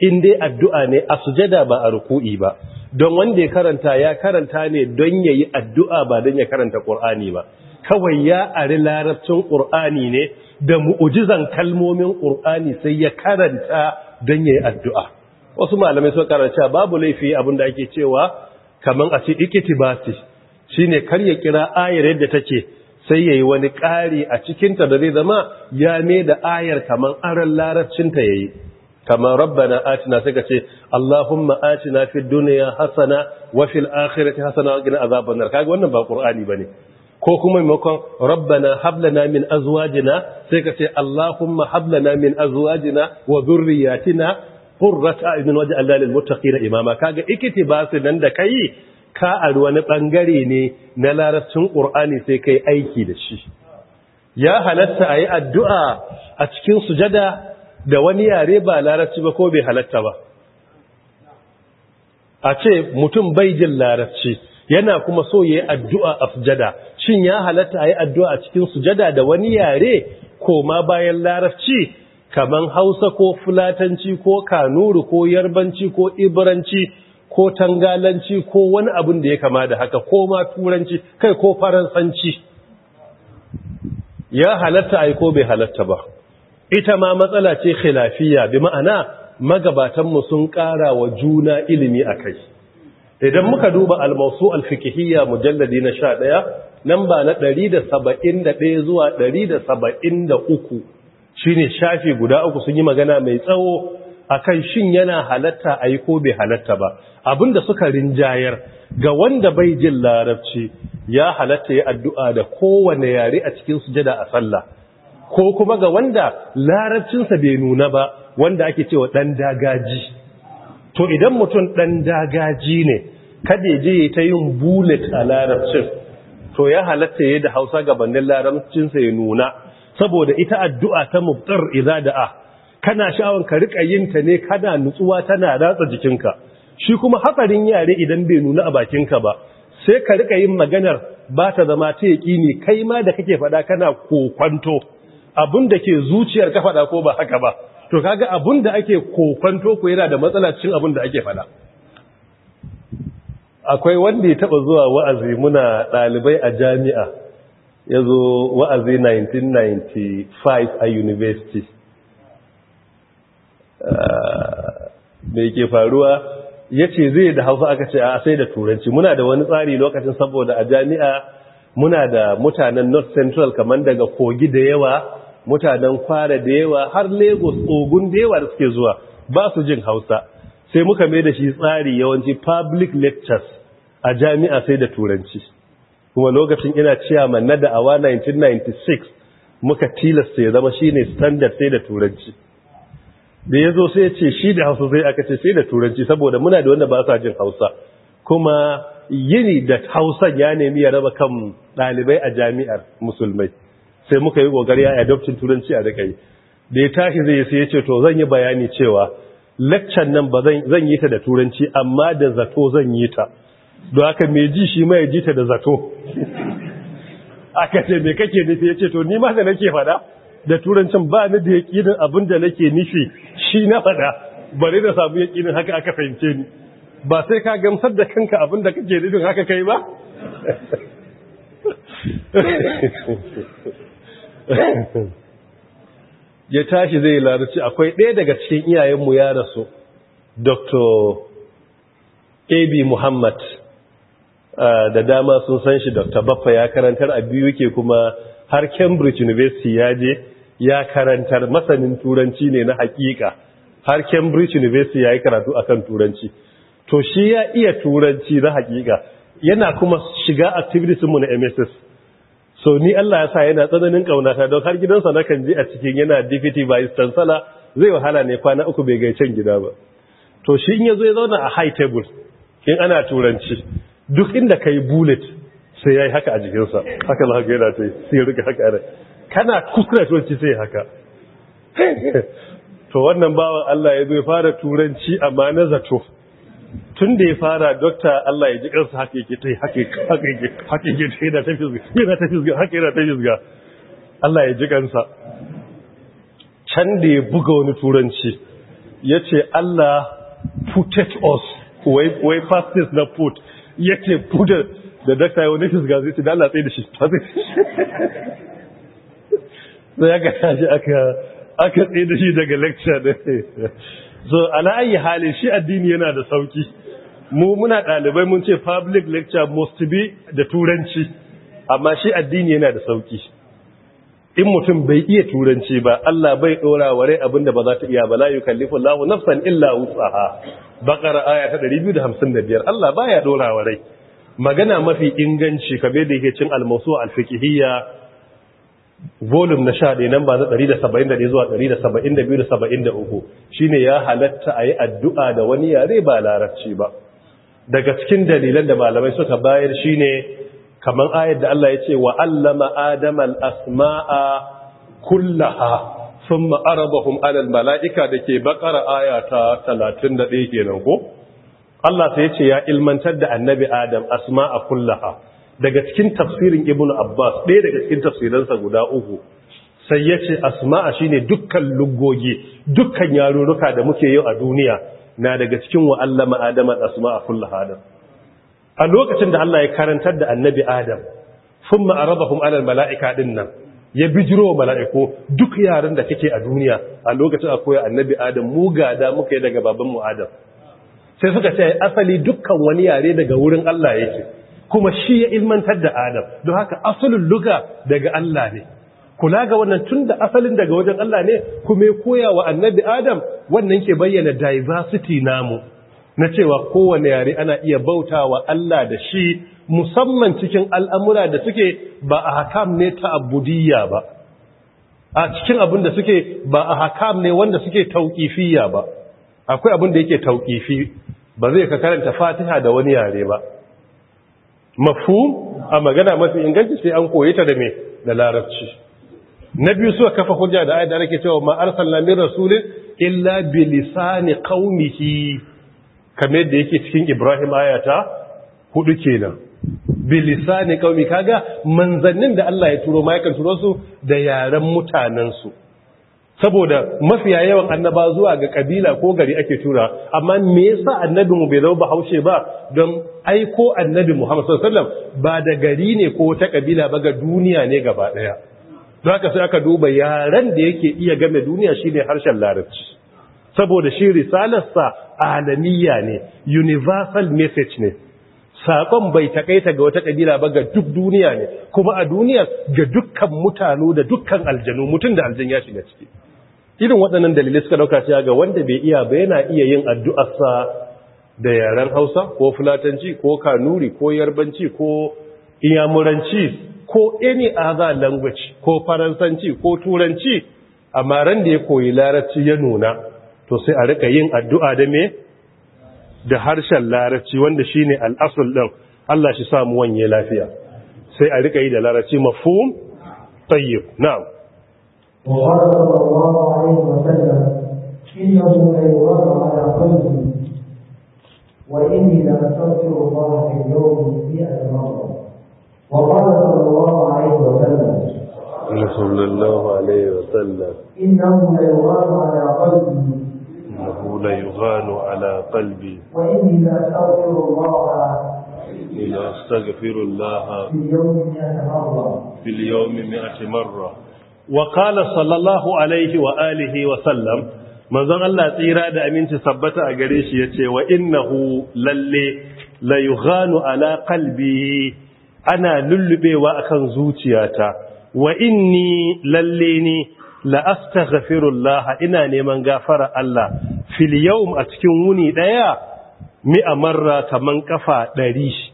in dai addu'a ne a sujada ba a ruku'i ba don wanda ya karanta ya karanta ne don ya yi addu'a ba don ya karanta ƙur'ani ba kawai ya ari larabcin ƙur'ani ne da mu'ujizan kalmomin ƙur'ani sai ya karanta don ya yi addu'a wasu malamai sun karanta babu laifi abin da ake cewa kamar a ce su. shi ne kar ya kira ayar yadda take sai ya yi wani ƙari a cikinta da zai zama ya mai da ayar kamar aran larabcinta ya yi kamar rabbana atina suka ce Allahumma atina fid dunya hasana wa fil akhirati hasana wa qina azaban nar kaga wannan ba qur'ani bane ko kuma maimakon rabbana hab min azwajina sai ka ce Allahumma hablana min azwajina wa dhurriyyatina qurrata a'yun waj'alna lil muttaqina imama kaga ikitibasi nan da kai ka a wani bangare ne na larabcin qur'ani sai kai aiki da shi ya halatta ayi addu'a a cikin sujada da wani yare ba larabci ba ko bai halatta ba a ce mutum bai jin larabci yana kuma so ya yi addu'a a sujada shin ya halatta yi addu'a a cikin sujada da wani yare ko ma bayan larabci Kamar Hausa ko Fulatanci ko kanuru ko Yarbanci ko Ibranci ko Tangalanci ko wani abin da ya kama da haka ko ma Turanci kai ko Faransanci ya halatta yi ko bai halatta ba ita ma matsala ce khilafiya bi ma'ana magabatanmu sun ƙara wa juna ilimi a kai idan muka duba almasu alfikihiyya mujalladi na sha ɗaya nan ba na ɗari zuwa ɗari da shi shafi guda uku sun yi magana mai tsawo a shin yana halatta a yi ko bai halatta ba abinda suka rinjayar ga wanda bai jin larabci ya halatta ya addu'a da kowane yare a cikin sujada a sallah ko kuma ga wanda larabcinsa bai nuna ba wanda ake cewa ɗan dagaji to idan mutum ɗan dagaji ne kada ya je ta yin bullet a larabcin to ya halatta ya da hausa gabanin larabcinsa ya nuna saboda ita addu'a ta mubtar iza a kana sha'awar ka riƙa yinta ne kana nutsuwa tana ratsa jikinka shi kuma haƙarin yare idan bai nuna a bakinka ba sai ka rika yin maganar ba ta zama ta yaƙini kai ma da kake faɗa kana kokwanto abin da ke zuciyar ka faɗa ko ba haka ba to kaga abin da ake kokwanto ko yana da matsala cikin abin da ake faɗa akwai wanda ya taɓa zuwa wa'azi muna ɗalibai a jami'a yazo zo wa'azi 1995 a university ah, Me ke faruwa yace zai da hausa aka ce a sai da turanci muna da wani tsari lokacin saboda a jami'a muna da mutanen north central kamar daga kogi da yawa mutanen fara da yawa har lagos ogun da yawa da suke zuwa ba su jin hausa sai muka mai da shi tsari yawanci public lectures a jami'a sai da turanci kuma lokacin ina ciyaman na awa 1996 muka tilasta ya zama shine standard sai da turanci da ya zo sai ce shi da hausa sai aka ce sai da turanci saboda muna da wanda ba sa jin hausa kuma yini da hausa ya nemi ya raba kan ɗalibai a jami'ar musulmai sai muka yi kokari ya adoptin turanci a yi da ya tashi zai sai ya ce to zan yi bayani cewa laccan nan ba zan yi ta da turanci amma da zato zan yi ta don haka mai ji shi mai ji ta da zato aka ce mai kake nufi ya ce to ni ma da nake fada da turancin ba ni da yaƙinin abin da nake nufi shi na fada bare da samu yaƙinin haka aka fahimce ni ba sai ka gamsar da kanka abin da kake nufin haka kai ba ya tashi zai larabci akwai ɗaya daga cikin iyayenmu ya rasu dr ab muhammad da dama sun san shi dr baffa ya karantar a biyu ke kuma har cambridge university ya je ya karantar masanin turanci ne na hakika har cambridge university ya yi karatu akan turanci to shi ya iya turanci na hakika yana kuma shiga activities mu na mss so ni Allah ya sa yana tsananin kaunata don har gidansa na kan ji a cikin yana deputy vice chancellor zai wahala ne kwana uku bai can gida ba to shi in yazo ya zauna a high table in ana turanci duk inda kai bullet sai yayi haka a jikinsa haka Allah yana ta sai rika haka ne kana kuskure turanci sai haka to wannan bawan Allah ya zo ya fara turanci amma na zato tun da ya fara dokta Allah ya ji kansa haka yake ta haka yake haka yake ta yana ta fizga yana ta fizga haka yana ta fizga Allah ya ji kansa can da ya buga wani turanci ya ce Allah protect us wai fastest na put ya ce putar da dokta ya wani fizga zai ce da Allah tsaye da shi ta zai zai ya gata shi aka tsaye da shi daga lecture da so ala ayi hali shi addini yana da sauki mu muna ɗalibai mun ce public lecture must be da turanci amma shi addini yana da sauki in mutum bai iya turanci ba Allah bai ɗora wa rai abinda ba za ta iya ba la yukallifu Allahu nafsan illa wus'aha bakara aya ta 255 Allah baya ɗora wa rai magana mafi inganci kabe da yake cin al-mawsu' al-fiqhiyya volum na sha ɗaya nan ba na 171 zuwa 172-73 shi ne ya halatta a yi addu'a da wani yare ba larabci ba daga cikin dalilan da malamai suka bayar shi ne kamar ayar da Allah ya ce wa allama adam al'asma'a kullaha sun ma'arabahun alal mala'ika da ke bakara aya ta 31 kenan ko Allah sai ya ce ya ilmantar da annabi adam asma'a kullaha daga cikin tafsirin ibn abbas ɗaya daga cikin tafsiransa guda uku sai ya ce asma'a ne dukkan lugogi dukkan yarurruka da muke yau a duniya na daga cikin wa'allama adam asma'a kulla hadam a lokacin da Allah ya karantar da annabi adam fun kuma alal mala'ika ɗin dinnan ya bijiro wa mala'iku duk yaren da kake a duniya a lokacin akwai annabi adam mu gada muka yi daga babanmu adam sai suka ce asali dukkan wani yare daga wurin Allah yake kuma shi ya ilmantar da adam don haka asalin luga daga Allah ne kula ga wannan tun da asalin daga wajen Allah ne kuma koya wa annabi adam wannan ke bayyana diversity namu na cewa kowane yare ana iya bauta wa Allah da shi musamman cikin al'amura da suke ba a hakam ne ta abudiyya ba a cikin abin da suke ba a hakam ne wanda suke tauƙifiya ba akwai abin da yake tauƙifi ba zai ka karanta fatiha da wani yare ba mafhum a magana mafi inganci sai an koyi ta da me da larabci na biyu suka kafa hujja da ayat da nake cewa ma arsalna min rasulin illa bi lisan qaumihi kamar yadda yake cikin Ibrahim ayata hudu kenan bi lisan qaumi kaga manzannin da Allah ya turo ma yakan turo su da yaran mutanansu saboda mafiya yawan annaba zuwa ga kabila ko gari ake tura amma me yasa annabi mu bai zama bahaushe ba don aiko annabi Muhammad sallallahu alaihi wasallam ba da gari ne ko ta kabila ba ga duniya ne gaba daya don haka sai aka duba yaran da yake iya game duniya shine harshen larabci saboda shi risalarsa alamiya ne universal message ne sakon bai takaita ga wata kabila ba ga duk duniya ne kuma a duniya ga dukkan mutano da dukkan aljanu mutum da aljin ya shiga ciki irin waɗannan dalilai suka ɗauka cewa ga wanda bai iya ba yana iya yin addu'arsa da yaren hausa ko fulatanci ko kanuri ko yarbanci ko iyamuranci ko any other language ko faransanci ko turanci amma ran da ya koyi larabci ya nuna to sai a rika yin addu'a da me da harshen larabci wanda shine al'asul ɗin Allah shi samu wanye lafiya sai a rika yi da larabci mafhum tayyib na'am وقال صلى الله عليه وسلم إنه لا على قلبي وإني لأستغفر الله في اليوم مئة مرة وقال صلى الله عليه وسلم صلى الله عليه وسلم إنه لا على قلبي إنه لا يغان على قلبي وإني لأستغفر الله إلا أستغفر الله في اليوم مئة مرة في اليوم مئة مرة wa qala sallallahu alaihi wa alihi wa sallam manzon Allah tsira da aminci sabbata a gare shi yace wa innahu lalle la yughanu ala qalbi ana lullubewa akan zuciyata wa inni lalle ni la astaghfirullah ina neman gafara Allah fil yawm a cikin wuni daya mi'a marra kaman kafa 100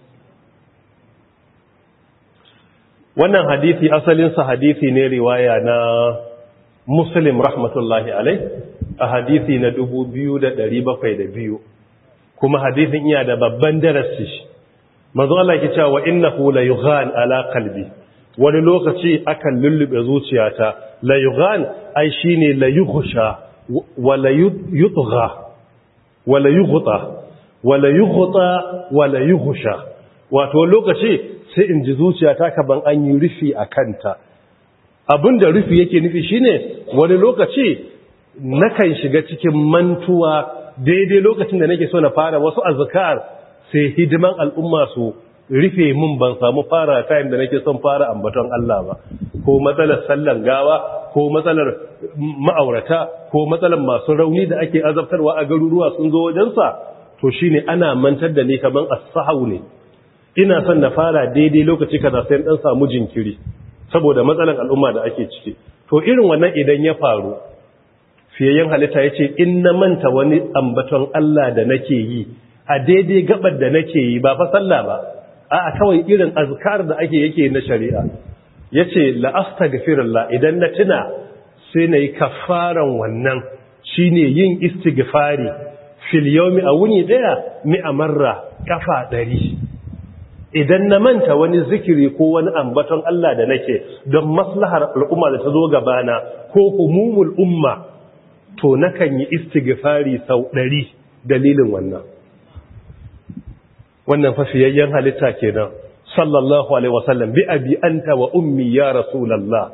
wannan hadithi asalinsa hadithi ne riwaya na muslim rahmatullahi alai a hadithi na 2,702 kuma hadithin iya da babban darasi manzo Allah ke cewa innahu la yughan ala wani lokaci akan lullube zuciyata la yughan ai shine ne yughsha wa la wa la wa la wa la wato lokaci sai in ji zuciya ta kaban an yi rufi a kanta abinda rufi yake nufi shine wani lokaci nakan shiga cikin mantuwa daidai lokacin da nake so na fara wasu azkar sai hidiman al'umma su rufe mun ban samu fara tayin da nake son fara ambaton Allah ba ko matsalar sallan gawa ko matsalar ma'aurata ko matsalar masu rauni da ake azabtarwa a garuruwa sun zo wajensa to shine ana mantar da ni kaman as-sahaw ne ina son na fara daidai lokaci kaza sai dan samu jinkiri saboda matsalan al'umma da ake ciki to irin wannan idan ya faru fiyayyen halitta yace in na manta wani ambaton Allah da nake yi a daidai gabar da nake yi ba fa ba a'a kawai irin azkar da ake yake na shari'a yace la astaghfirullah idan na tuna sai nayi kafaran wannan shine yin istigifari, fil a wuni daya mi marra kafa ɗari. idan na manta wani zikiri ko wani ambaton Allah da nake don maslahar al'umma da ta zo gabana ko humumul umma to nakan yi istighfari sau ɗari dalilin wannan wannan fafiyayyen halitta kenan sallallahu alaihi wasallam bi abi anta wa ummi ya rasulullah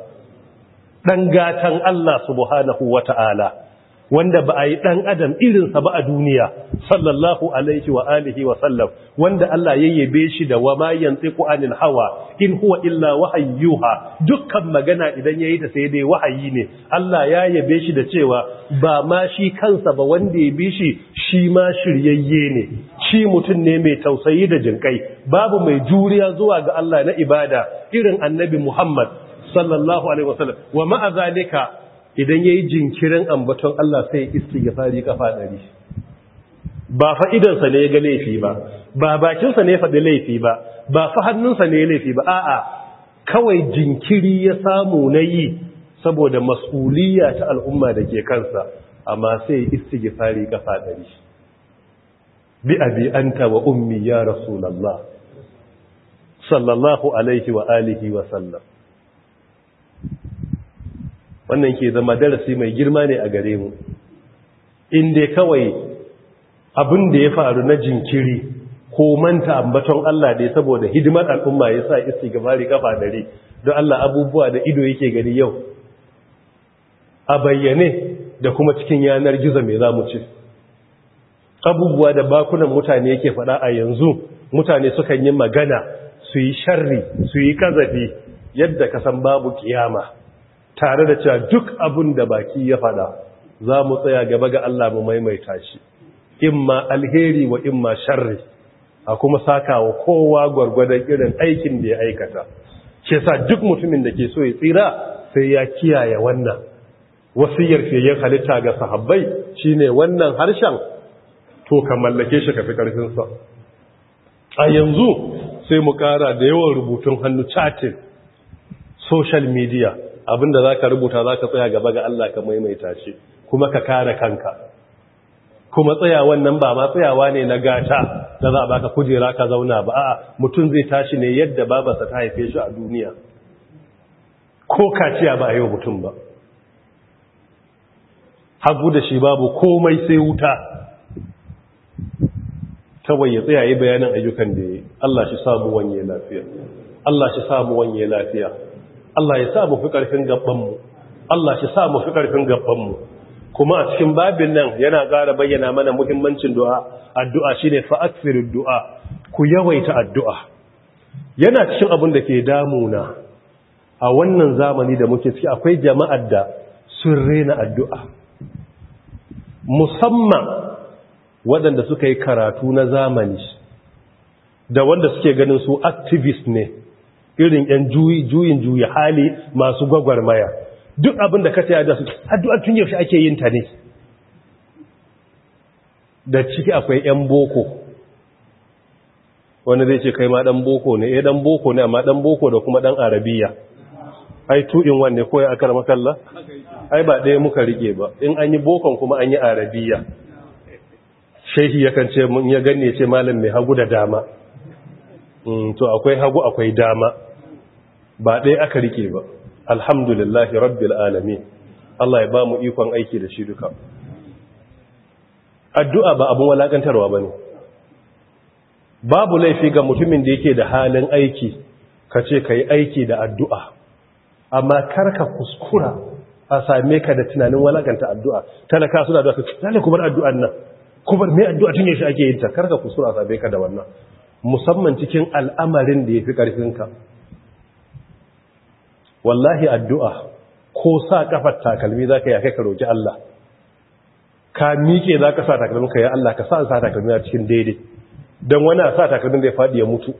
dan gatan Allah subhanahu wata'ala wanda ba a yi ɗan adam irinsa ba a duniya sallallahu alaihi wa alihi wa sallam wanda Allah ya yabe shi da wa ma yanzu anil hawa in huwa illa wahayyuha dukkan magana idan yayi ta sai dai wahayi ne Allah ya yabe shi da cewa ba ma shi kansa ba wanda ya bi shi shi ma shiryayye ne shi mutum ne mai tausayi da jinkai babu mai juriya zuwa ga Allah na ibada irin annabi Muhammad sallallahu alaihi wa sallam wa ma'a zalika idan ya yi jinkirin ambaton Allah sai ya fari kafa ɗari ba fa'idansa ne ya ga laifi ba ba bakinsa ne ya faɗi laifi ba ba fa hannunsa ne ya laifi ba a'a kawai jinkiri ya samu na yi saboda masuliya ta al'umma da ke kansa amma sai fari kafa ɗari bi abi anta wa ummi ya lallah, sallallahu alaihi wa alihi wa sallam wannan ke zama darasi mai girma ne a gare mu inda kawai abin da ya faru na jinkiri ko manta ambaton Allah da saboda hidimar al'umma ya sa gabari kafa dare don Allah abubuwa da ido yake gani yau a bayyane da kuma cikin yanar gizo mai zamu ci abubuwa da bakunan mutane yake faɗa a yanzu mutane sukan yi magana su yi sharri su yi kazafi yadda ka san babu kiyama tare da cewa duk abun da baki ya fada za mu tsaya gaba ga Allah mu maimaita shi imma alheri wa imma sharri a kuma sakawa kowa gwargwadon irin aikin da ya aikata ke sa duk mutumin da ke so ya tsira sai ya kiyaye wannan wasiyar fiyayyen halitta ga sahabbai shine wannan harshen to ka mallake shi ka fi sa a yanzu sai mu kara da yawan rubutun hannu chatin social media abinda za ka rubuta za ka tsaya gaba ga Allah ka maimaita shi kuma ka kare kanka kuma tsayawan nan ba ma tsayawa ne na gata da za a baka kujera ka zauna ba a mutum zai tashi ne yadda babarsa ta haife shi a duniya ko kaciya ba yau mutum ba hagu da shi babu komai sai wuta kawai ya tsaya yi bayanin ayyukan da ya yi Allah shi samu wanye lafiya Allah shi samu wanye lafiya Allah ya sa mu fi ƙarfin gabanmu Allah shi sa mu fi ƙarfin gabanmu kuma a cikin babin nan yana gara bayyana mana muhimmancin du'a addu'a shine fa aktsiru du'a ku yawaita addu'a yana cikin abin da ke damuna a wannan zamani da muke ciki akwai jama'ar da sun rena addu'a musamman waɗanda suka yi karatu na zamani da wanda suke ganin su activist ne irin yan juyin juyi hali masu gwagwarmaya duk abin da ka caya da su addu'ar tun yaushe ake yin ta ne da ciki akwai yan boko wani zai ce kai ma dan boko ne ya eh, dan boko ne amma dan boko da kuma dan arabiya ai two in one ne ko ya akar makalla ai ba ɗaya muka rike ba in an yi bokon kuma an yi arabiya shehi yakan ce mun ya gane ce malam mai hagu da dama mm, to akwai hagu akwai dama ba ɗaya aka rike ba alhamdulillahi rabbil alamin Allah ya ba mu ikon aiki da shi duka addu'a ba abin walakantarwa ba babu laifi ga mutumin da yake da halin aiki kace ce aiki da addu'a amma karka kuskura a same ka da tunanin walakanta addu'a talaka suna da tale kubar addu'an nan kubar mai addu'a tun yashi ake yin ta karka kuskura a same ka da wannan musamman cikin al'amarin da ya fi ƙarfinka wallahi addu'a ko sa kafar takalmi za ka yi ka Allah ka miƙe za ka sa takalmi ka yi Allah ka sa sa takalmi a cikin daidai don wani a sa takalmin ya faɗi ya mutu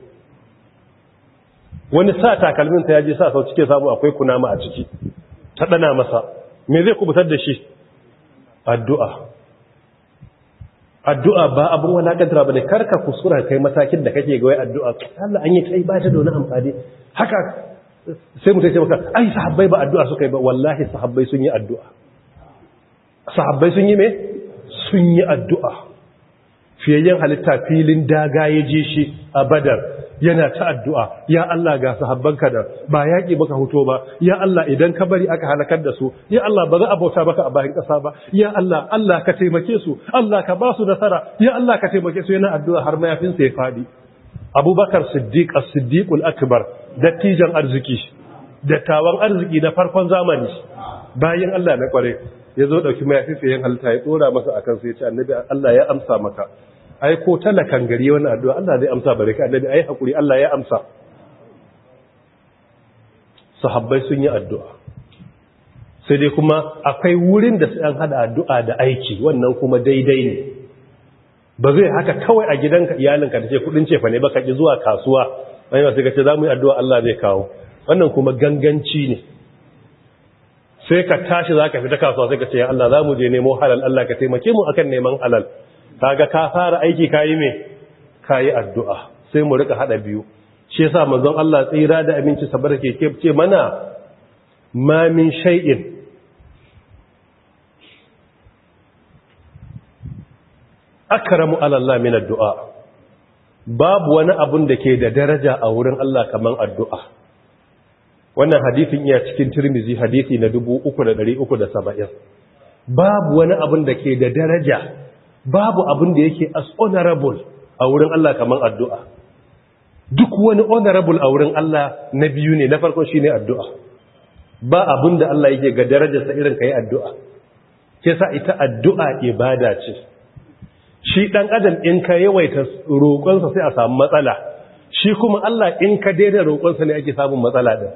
wani sa takalmin ta yaji sa sau cike samu akwai kunama a ciki ta ɗana masa me zai kubutar da shi addu'a addu'a ba abin walakantar ba ne karka kuskura kai matakin da kake gawai addu'a Allah an yi kai ba ta da amfani haka sai mutum ce maka ai sahabbai ba addu'a suka yi ba wallahi sahabbai sun yi addu'a sahabbai sun yi me sun yi addu'a fiyayyen halitta filin daga ya je shi a badar yana ta addu'a ya Allah ga sahabbanka da ba yaƙi baka huto ba ya Allah idan ka bari aka halakar da su ya Allah ba za a bauta baka a bayan ƙasa ba ya Allah Allah ka taimake su Allah ka ba su nasara ya Allah ka taimake su yana addu'a har ma ya faɗi abubakar siddiq as-siddiq al-akbar dattijan arziki dattawan arziki na farkon zamani bayan Allah na kware ya zo ɗauki mayafi tsayen halitta ya tsora masa a kan sai ce annabi Allah ya amsa maka ai ko talakan gari wani addu'a Allah zai amsa bare ka annabi ai hakuri Allah ya amsa sahabbai sun yi addu'a sai dai kuma akwai wurin da su an hada addu'a da aiki wannan kuma daidai ne ba zai haka kawai a gidanka iyalinka da ce kudin cefa ne ba ka ki zuwa kasuwa wani masu ce za mu yi addu'a Allah zai kawo wannan kuma ganganci ne sai ka tashi za ka fita kasuwa sai ka ce ya Allah za mu je nemo halal Allah ka taimake mu akan neman halal ta ga ka fara aiki ka yi mai ka yi addu'a sai mu rika haɗa biyu shi yasa mazan Allah tsira da abinci sabar ke ce mana mamin min shay'in akramu min addu'a babu wani abun da ke da daraja a wurin Allah kamar addu'a wannan hadithin iya cikin tirmizi hadithi na 3,370 babu wani abun da ke da daraja babu abun da yake as honorable a wurin Allah kamar addu'a duk wani honorable a wurin Allah na biyu ne na farko shi ne addu'a ba abun da Allah yake ga darajarsa irin ka yi addu'a ke sa ita addu'a ibada ce shi ɗan adam in ka yawaita roƙonsa sai a samu matsala shi kuma Allah in ka daina roƙonsa ne ake samun matsala ɗin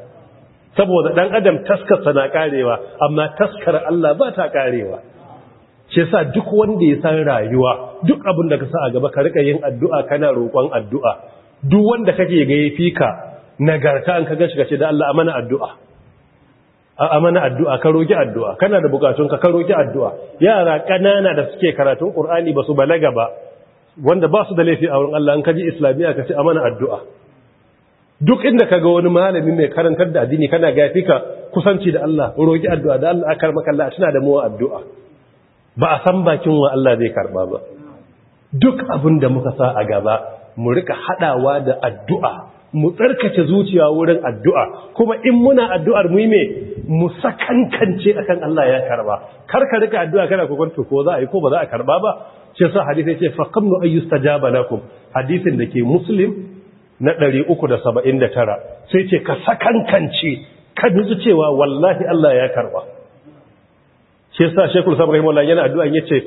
saboda ɗan adam taskarsa na ƙarewa amma taskar Allah ba ta ƙarewa shi sa duk wanda ya san rayuwa duk abin da ka sa a gaba ka riƙa yin addu'a kana roƙon addu'a duk wanda kake ga fi ka nagarta an ka gashi gashi da Allah mana addu'a a mana addu'a ka roki addu'a kana da bukatun ka roki addu'a yara ƙanana da suke karatun qur'ani ba su balaga ba wanda ba su da laifi a wurin Allah an kaji islamiyya ka ce amana addu'a duk inda kaga wani malami mai karantar da addini kana ga ka kusanci da Allah roki addu'a da Allah akar maka Allah tana da muwa addu'a ba a san bakin wa Allah zai karɓa ba duk abin da muka sa a gaba mu rika haɗawa da addu'a mu tsarkace zuciya wurin addu'a kuma in muna addu'ar mu yi mai, mu sakankance akan Allah ya karba karka rika addu'a kana kokarta ko za a yi ko ba za a karba ba ce sa hadisi ce fa qamnu ayyustajaba lakum hadisin da ke muslim na 379 sai ce ka sakankance ka nutsu cewa wallahi Allah ya karba ce sa shekul sabrai yana addu'a yace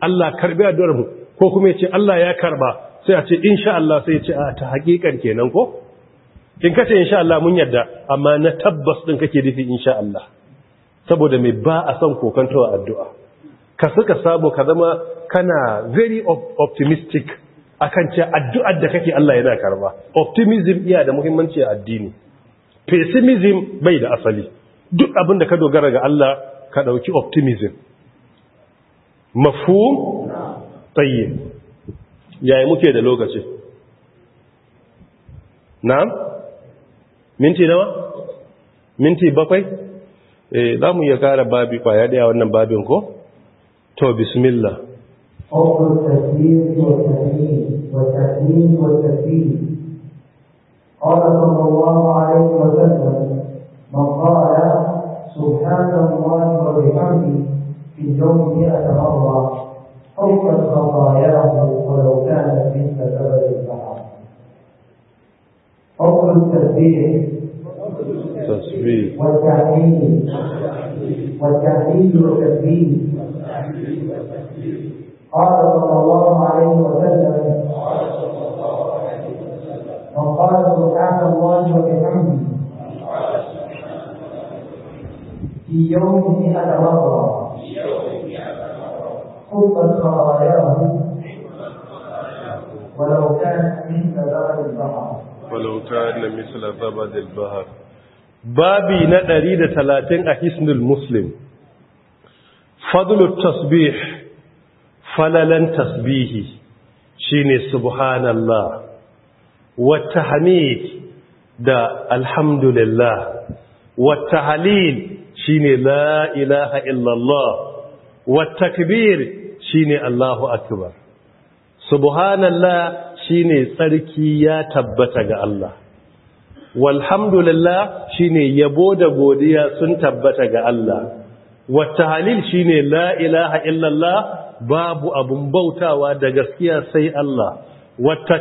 Allah karbi addu'ar mu ko kuma yace Allah ya karba sai a ce insha Allah sai ce a ta hakikan kenan ko kin kace insha Allah mun yarda amma na tabbas din kake in insha Allah saboda mai ba a son kokantawa addu'a ka suka sabo ka zama kana very optimistic akan ce addu'ar da kake Allah yana karba optimism iya da muhimmanci a addini pessimism bai da asali duk abin da ka dogara ga Allah ka dauki optimism mafhum tayyib yayi muke da lokaci na'am minti nawa minti bakwai eh za mu iya kara babi kwaya daya wannan babin ko to bismillah قال صلى الله عليه وسلم من قال سبحان الله وبحمده في مئة حفت خطاياهم ولو كانت من سبب البحر حكم التسبيح التسبيح والتعليم والتعليم والتسبيح قال صلى الله عليه وسلم من قال سبحان الله وبحمده في يومه أنا مرة حبا خطاياه ولو كان مثل زبد البحر ولو كان مثل زبد البحر babi na 130 a hisnul muslim fadlut tasbih Falalen tasbihi shine subhanallah wata hamid da alhamdulillah wata halil shine la ilaha illallah wata kabir shine Allahu akbar subhanallah shine tsarki ya tabbata ga Allah walhamdulillah shine yabo da godiya sun tabbata ga Allah wata halil shine la ilaha illallah babu abun bautawa da gaskiya sai Allah wata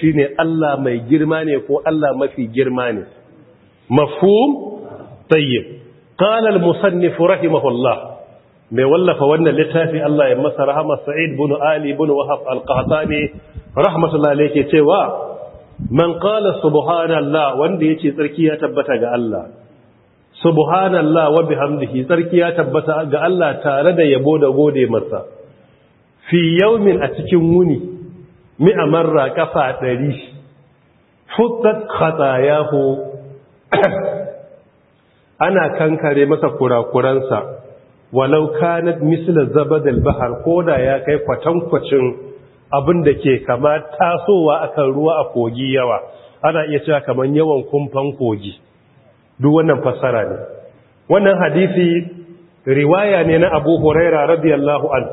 shine Allah mai girma ne ko Allah mafi girma ne mafhum tayyib qala al-musannif rahimahullah mai wallafa wannan littafi Allah ya masa rahama sa'id bin ali bin wahab al-qahtani rahmatullahi alayhi cewa man qala subhanallah wanda yace tsarki ya tabbata ga Allah subhanallah wa bihamdihi tsarki ya tabbata ga Allah tare da yabo da gode masa fi yawmin a cikin wuni mi'a marra kafa 100 futtat khatayahu ana kankare masa kurakuransa walau kanat misla zabadal bahar koda ya kai kwatankwacin abin da ke kama tasowa akan ruwa a kogi yawa ana iya cewa kaman yawan kumfan kogi duk wannan fassara ne wannan hadisi riwaya ne na Abu Huraira radiyallahu an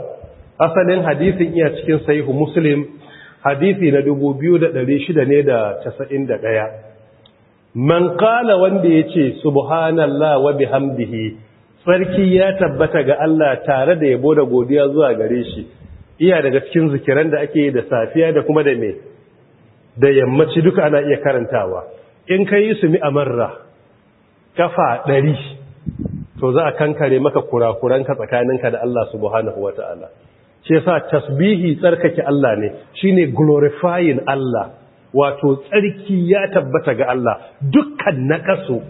asalin hadisin iya cikin sahihu Muslim hadisi na 2691 man qala wanda yace subhanallahi wa bihamdihi Tsarki ya tabbata ga Allah tare da yabo da godiya zuwa gare shi iya daga cikin zikiran da ake yi da safiya da kuma da me da yammaci duka ana iya karantawa in ka yi su amarra kafa ɗari to za a kankare maka kurakuranka ka da Allah subhanahu wa ta'ala shi yasa tasbihi tsarkake Allah ne shine glorifying Allah wato tsarki ya tabbata ga Allah dukkan nakasu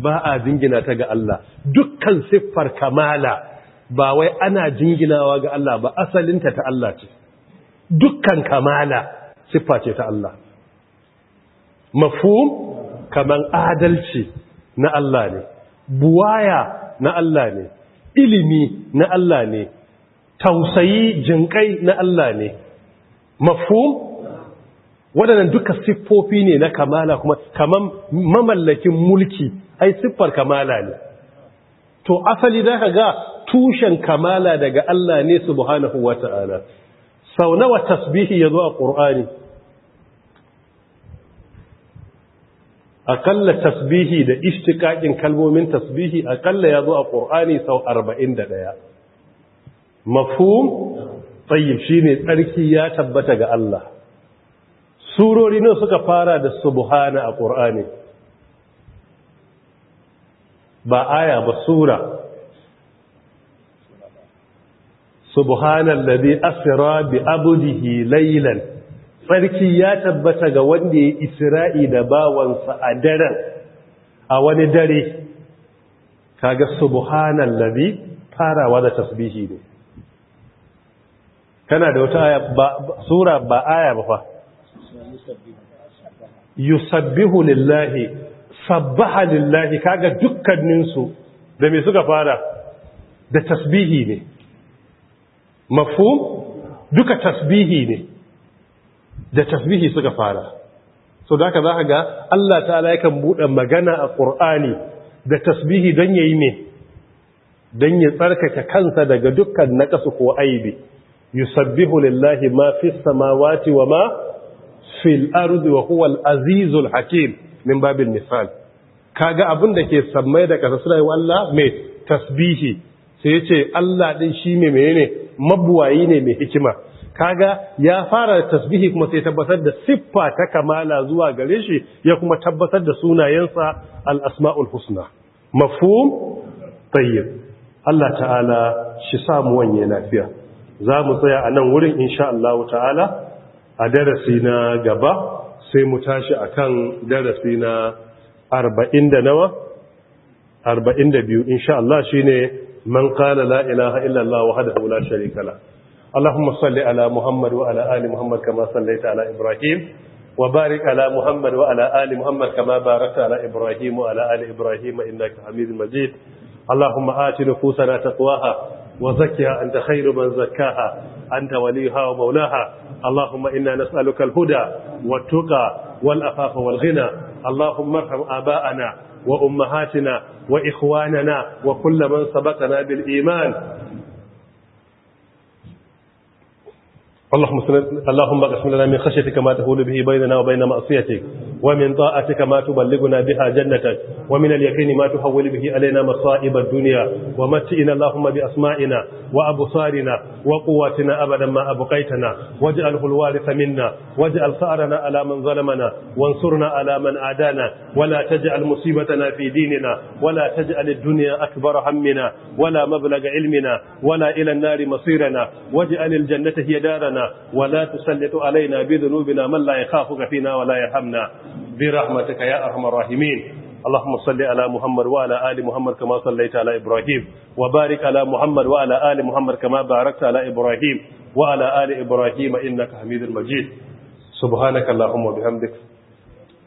ba a jingina ta ga Allah dukkan siffar kamala ba wai ana jinginawa ga Allah ba asalinta ta Allah ce dukkan kamala siffa ce ta Allah mafhum kaman adalci na Allah ne buwaya na Allah ne ilimi na Allah ne tausayi jinkai na Allah ne mafhum waɗannan duka siffofi ne na kamala kuma kaman mamallakin mulki ai siffar kamala ne to asali da ka ga tushen kamala daga Allah ne subhanahu wata'ala sau nawa tasbihi ya a qur'ani aƙalla tasbihi da istiqaqin kalmomin tasbihi aƙalla yazo a ƙur'ani sau 41 mafhum tayyib shine tsarki ya tabbata ga Allah surori ne suka fara da subhana a ƙur'ani ba aya ba sura subhanallazi asra bi abdihi laylan sarki ya tabbata ga wanda ya isra'i da bawansa a daren a wani dare kaga subhanallazi farawa da tasbihi ne kana da wata aya ba sura ba aya ba fa yusabbihu lillahi sabbaha lillahi kaga dukkaninsu da me suka fara da tasbihi ne mafhum duka tasbihi ne da tasbihi suka fara so da haka za ka ga Allah ta'ala yakan buɗe magana a ƙur'ani da tasbihi don yayi ne don ya tsarkake kansa daga dukkan nakasu ko aibi yusabbihu lillahi ma fis samawati wa ma fil ardi wa huwal azizul hakim min babil misal kaga abin da ke sammai da kasa suna yi wa mai tasbihi sai ya ce Allah ɗin shi ne menene mabuwayi ne mai hikima kaga ya fara tasbihi kuma sai tabbatar da siffa ta kamala zuwa gare shi ya kuma tabbatar da sunayensa al-asma'ul husna mafhum tayyib Allah ta'ala shi samu wanye lafiya za mu tsaya a nan wurin insha Allah ta'ala a darasi na gaba sai mu tashi a kan darasi na 40 da nawa 42 insha Allah shine man qala la ilaha illa Allah wahdahu la sharika la Allahumma salli ala Muhammad wa ala ali Muhammad kama sallaita ala Ibrahim wa barik ala Muhammad wa ala ali Muhammad kama barakta ala Ibrahim wa ala ali Ibrahim innaka Hamidul Majid Allahumma ati nufusana taqwaha وزكها أنت خير من زكاها أنت وليها ومولاها اللهم إنا نسألك الهدى والتقى والأفاف والغنى اللهم ارحم آباءنا وأمهاتنا وإخواننا وكل من سبقنا بالإيمان اللهم اللهم اغفر لنا من خشيتك ما تهول به بيننا وبين معصيتك ومن طاعتك ما تبلغنا بها جنتك ومن اليقين ما تحول به علينا مصائب الدنيا ومتئنا اللهم بأسمائنا وأبصارنا وقواتنا أبدا ما أبقيتنا واجعله الوارث منا واجعل ثأرنا على من ظلمنا وانصرنا على من عادانا ولا تجعل مصيبتنا في ديننا ولا تجعل الدنيا أكبر همنا ولا مبلغ علمنا ولا إلى النار مصيرنا واجعل الجنة هي دارنا ولا تسلط علينا بذنوبنا من لا يخافك فينا ولا يرحمنا برحمتك يا أرحم الراحمين اللهم صل على محمد وعلى آل محمد كما صليت على إبراهيم وبارك على محمد وعلى آل محمد كما باركت على إبراهيم وعلى آل إبراهيم إنك حميد مجيد سبحانك اللهم وبحمدك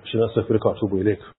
شنو استغفرك واتوب إليك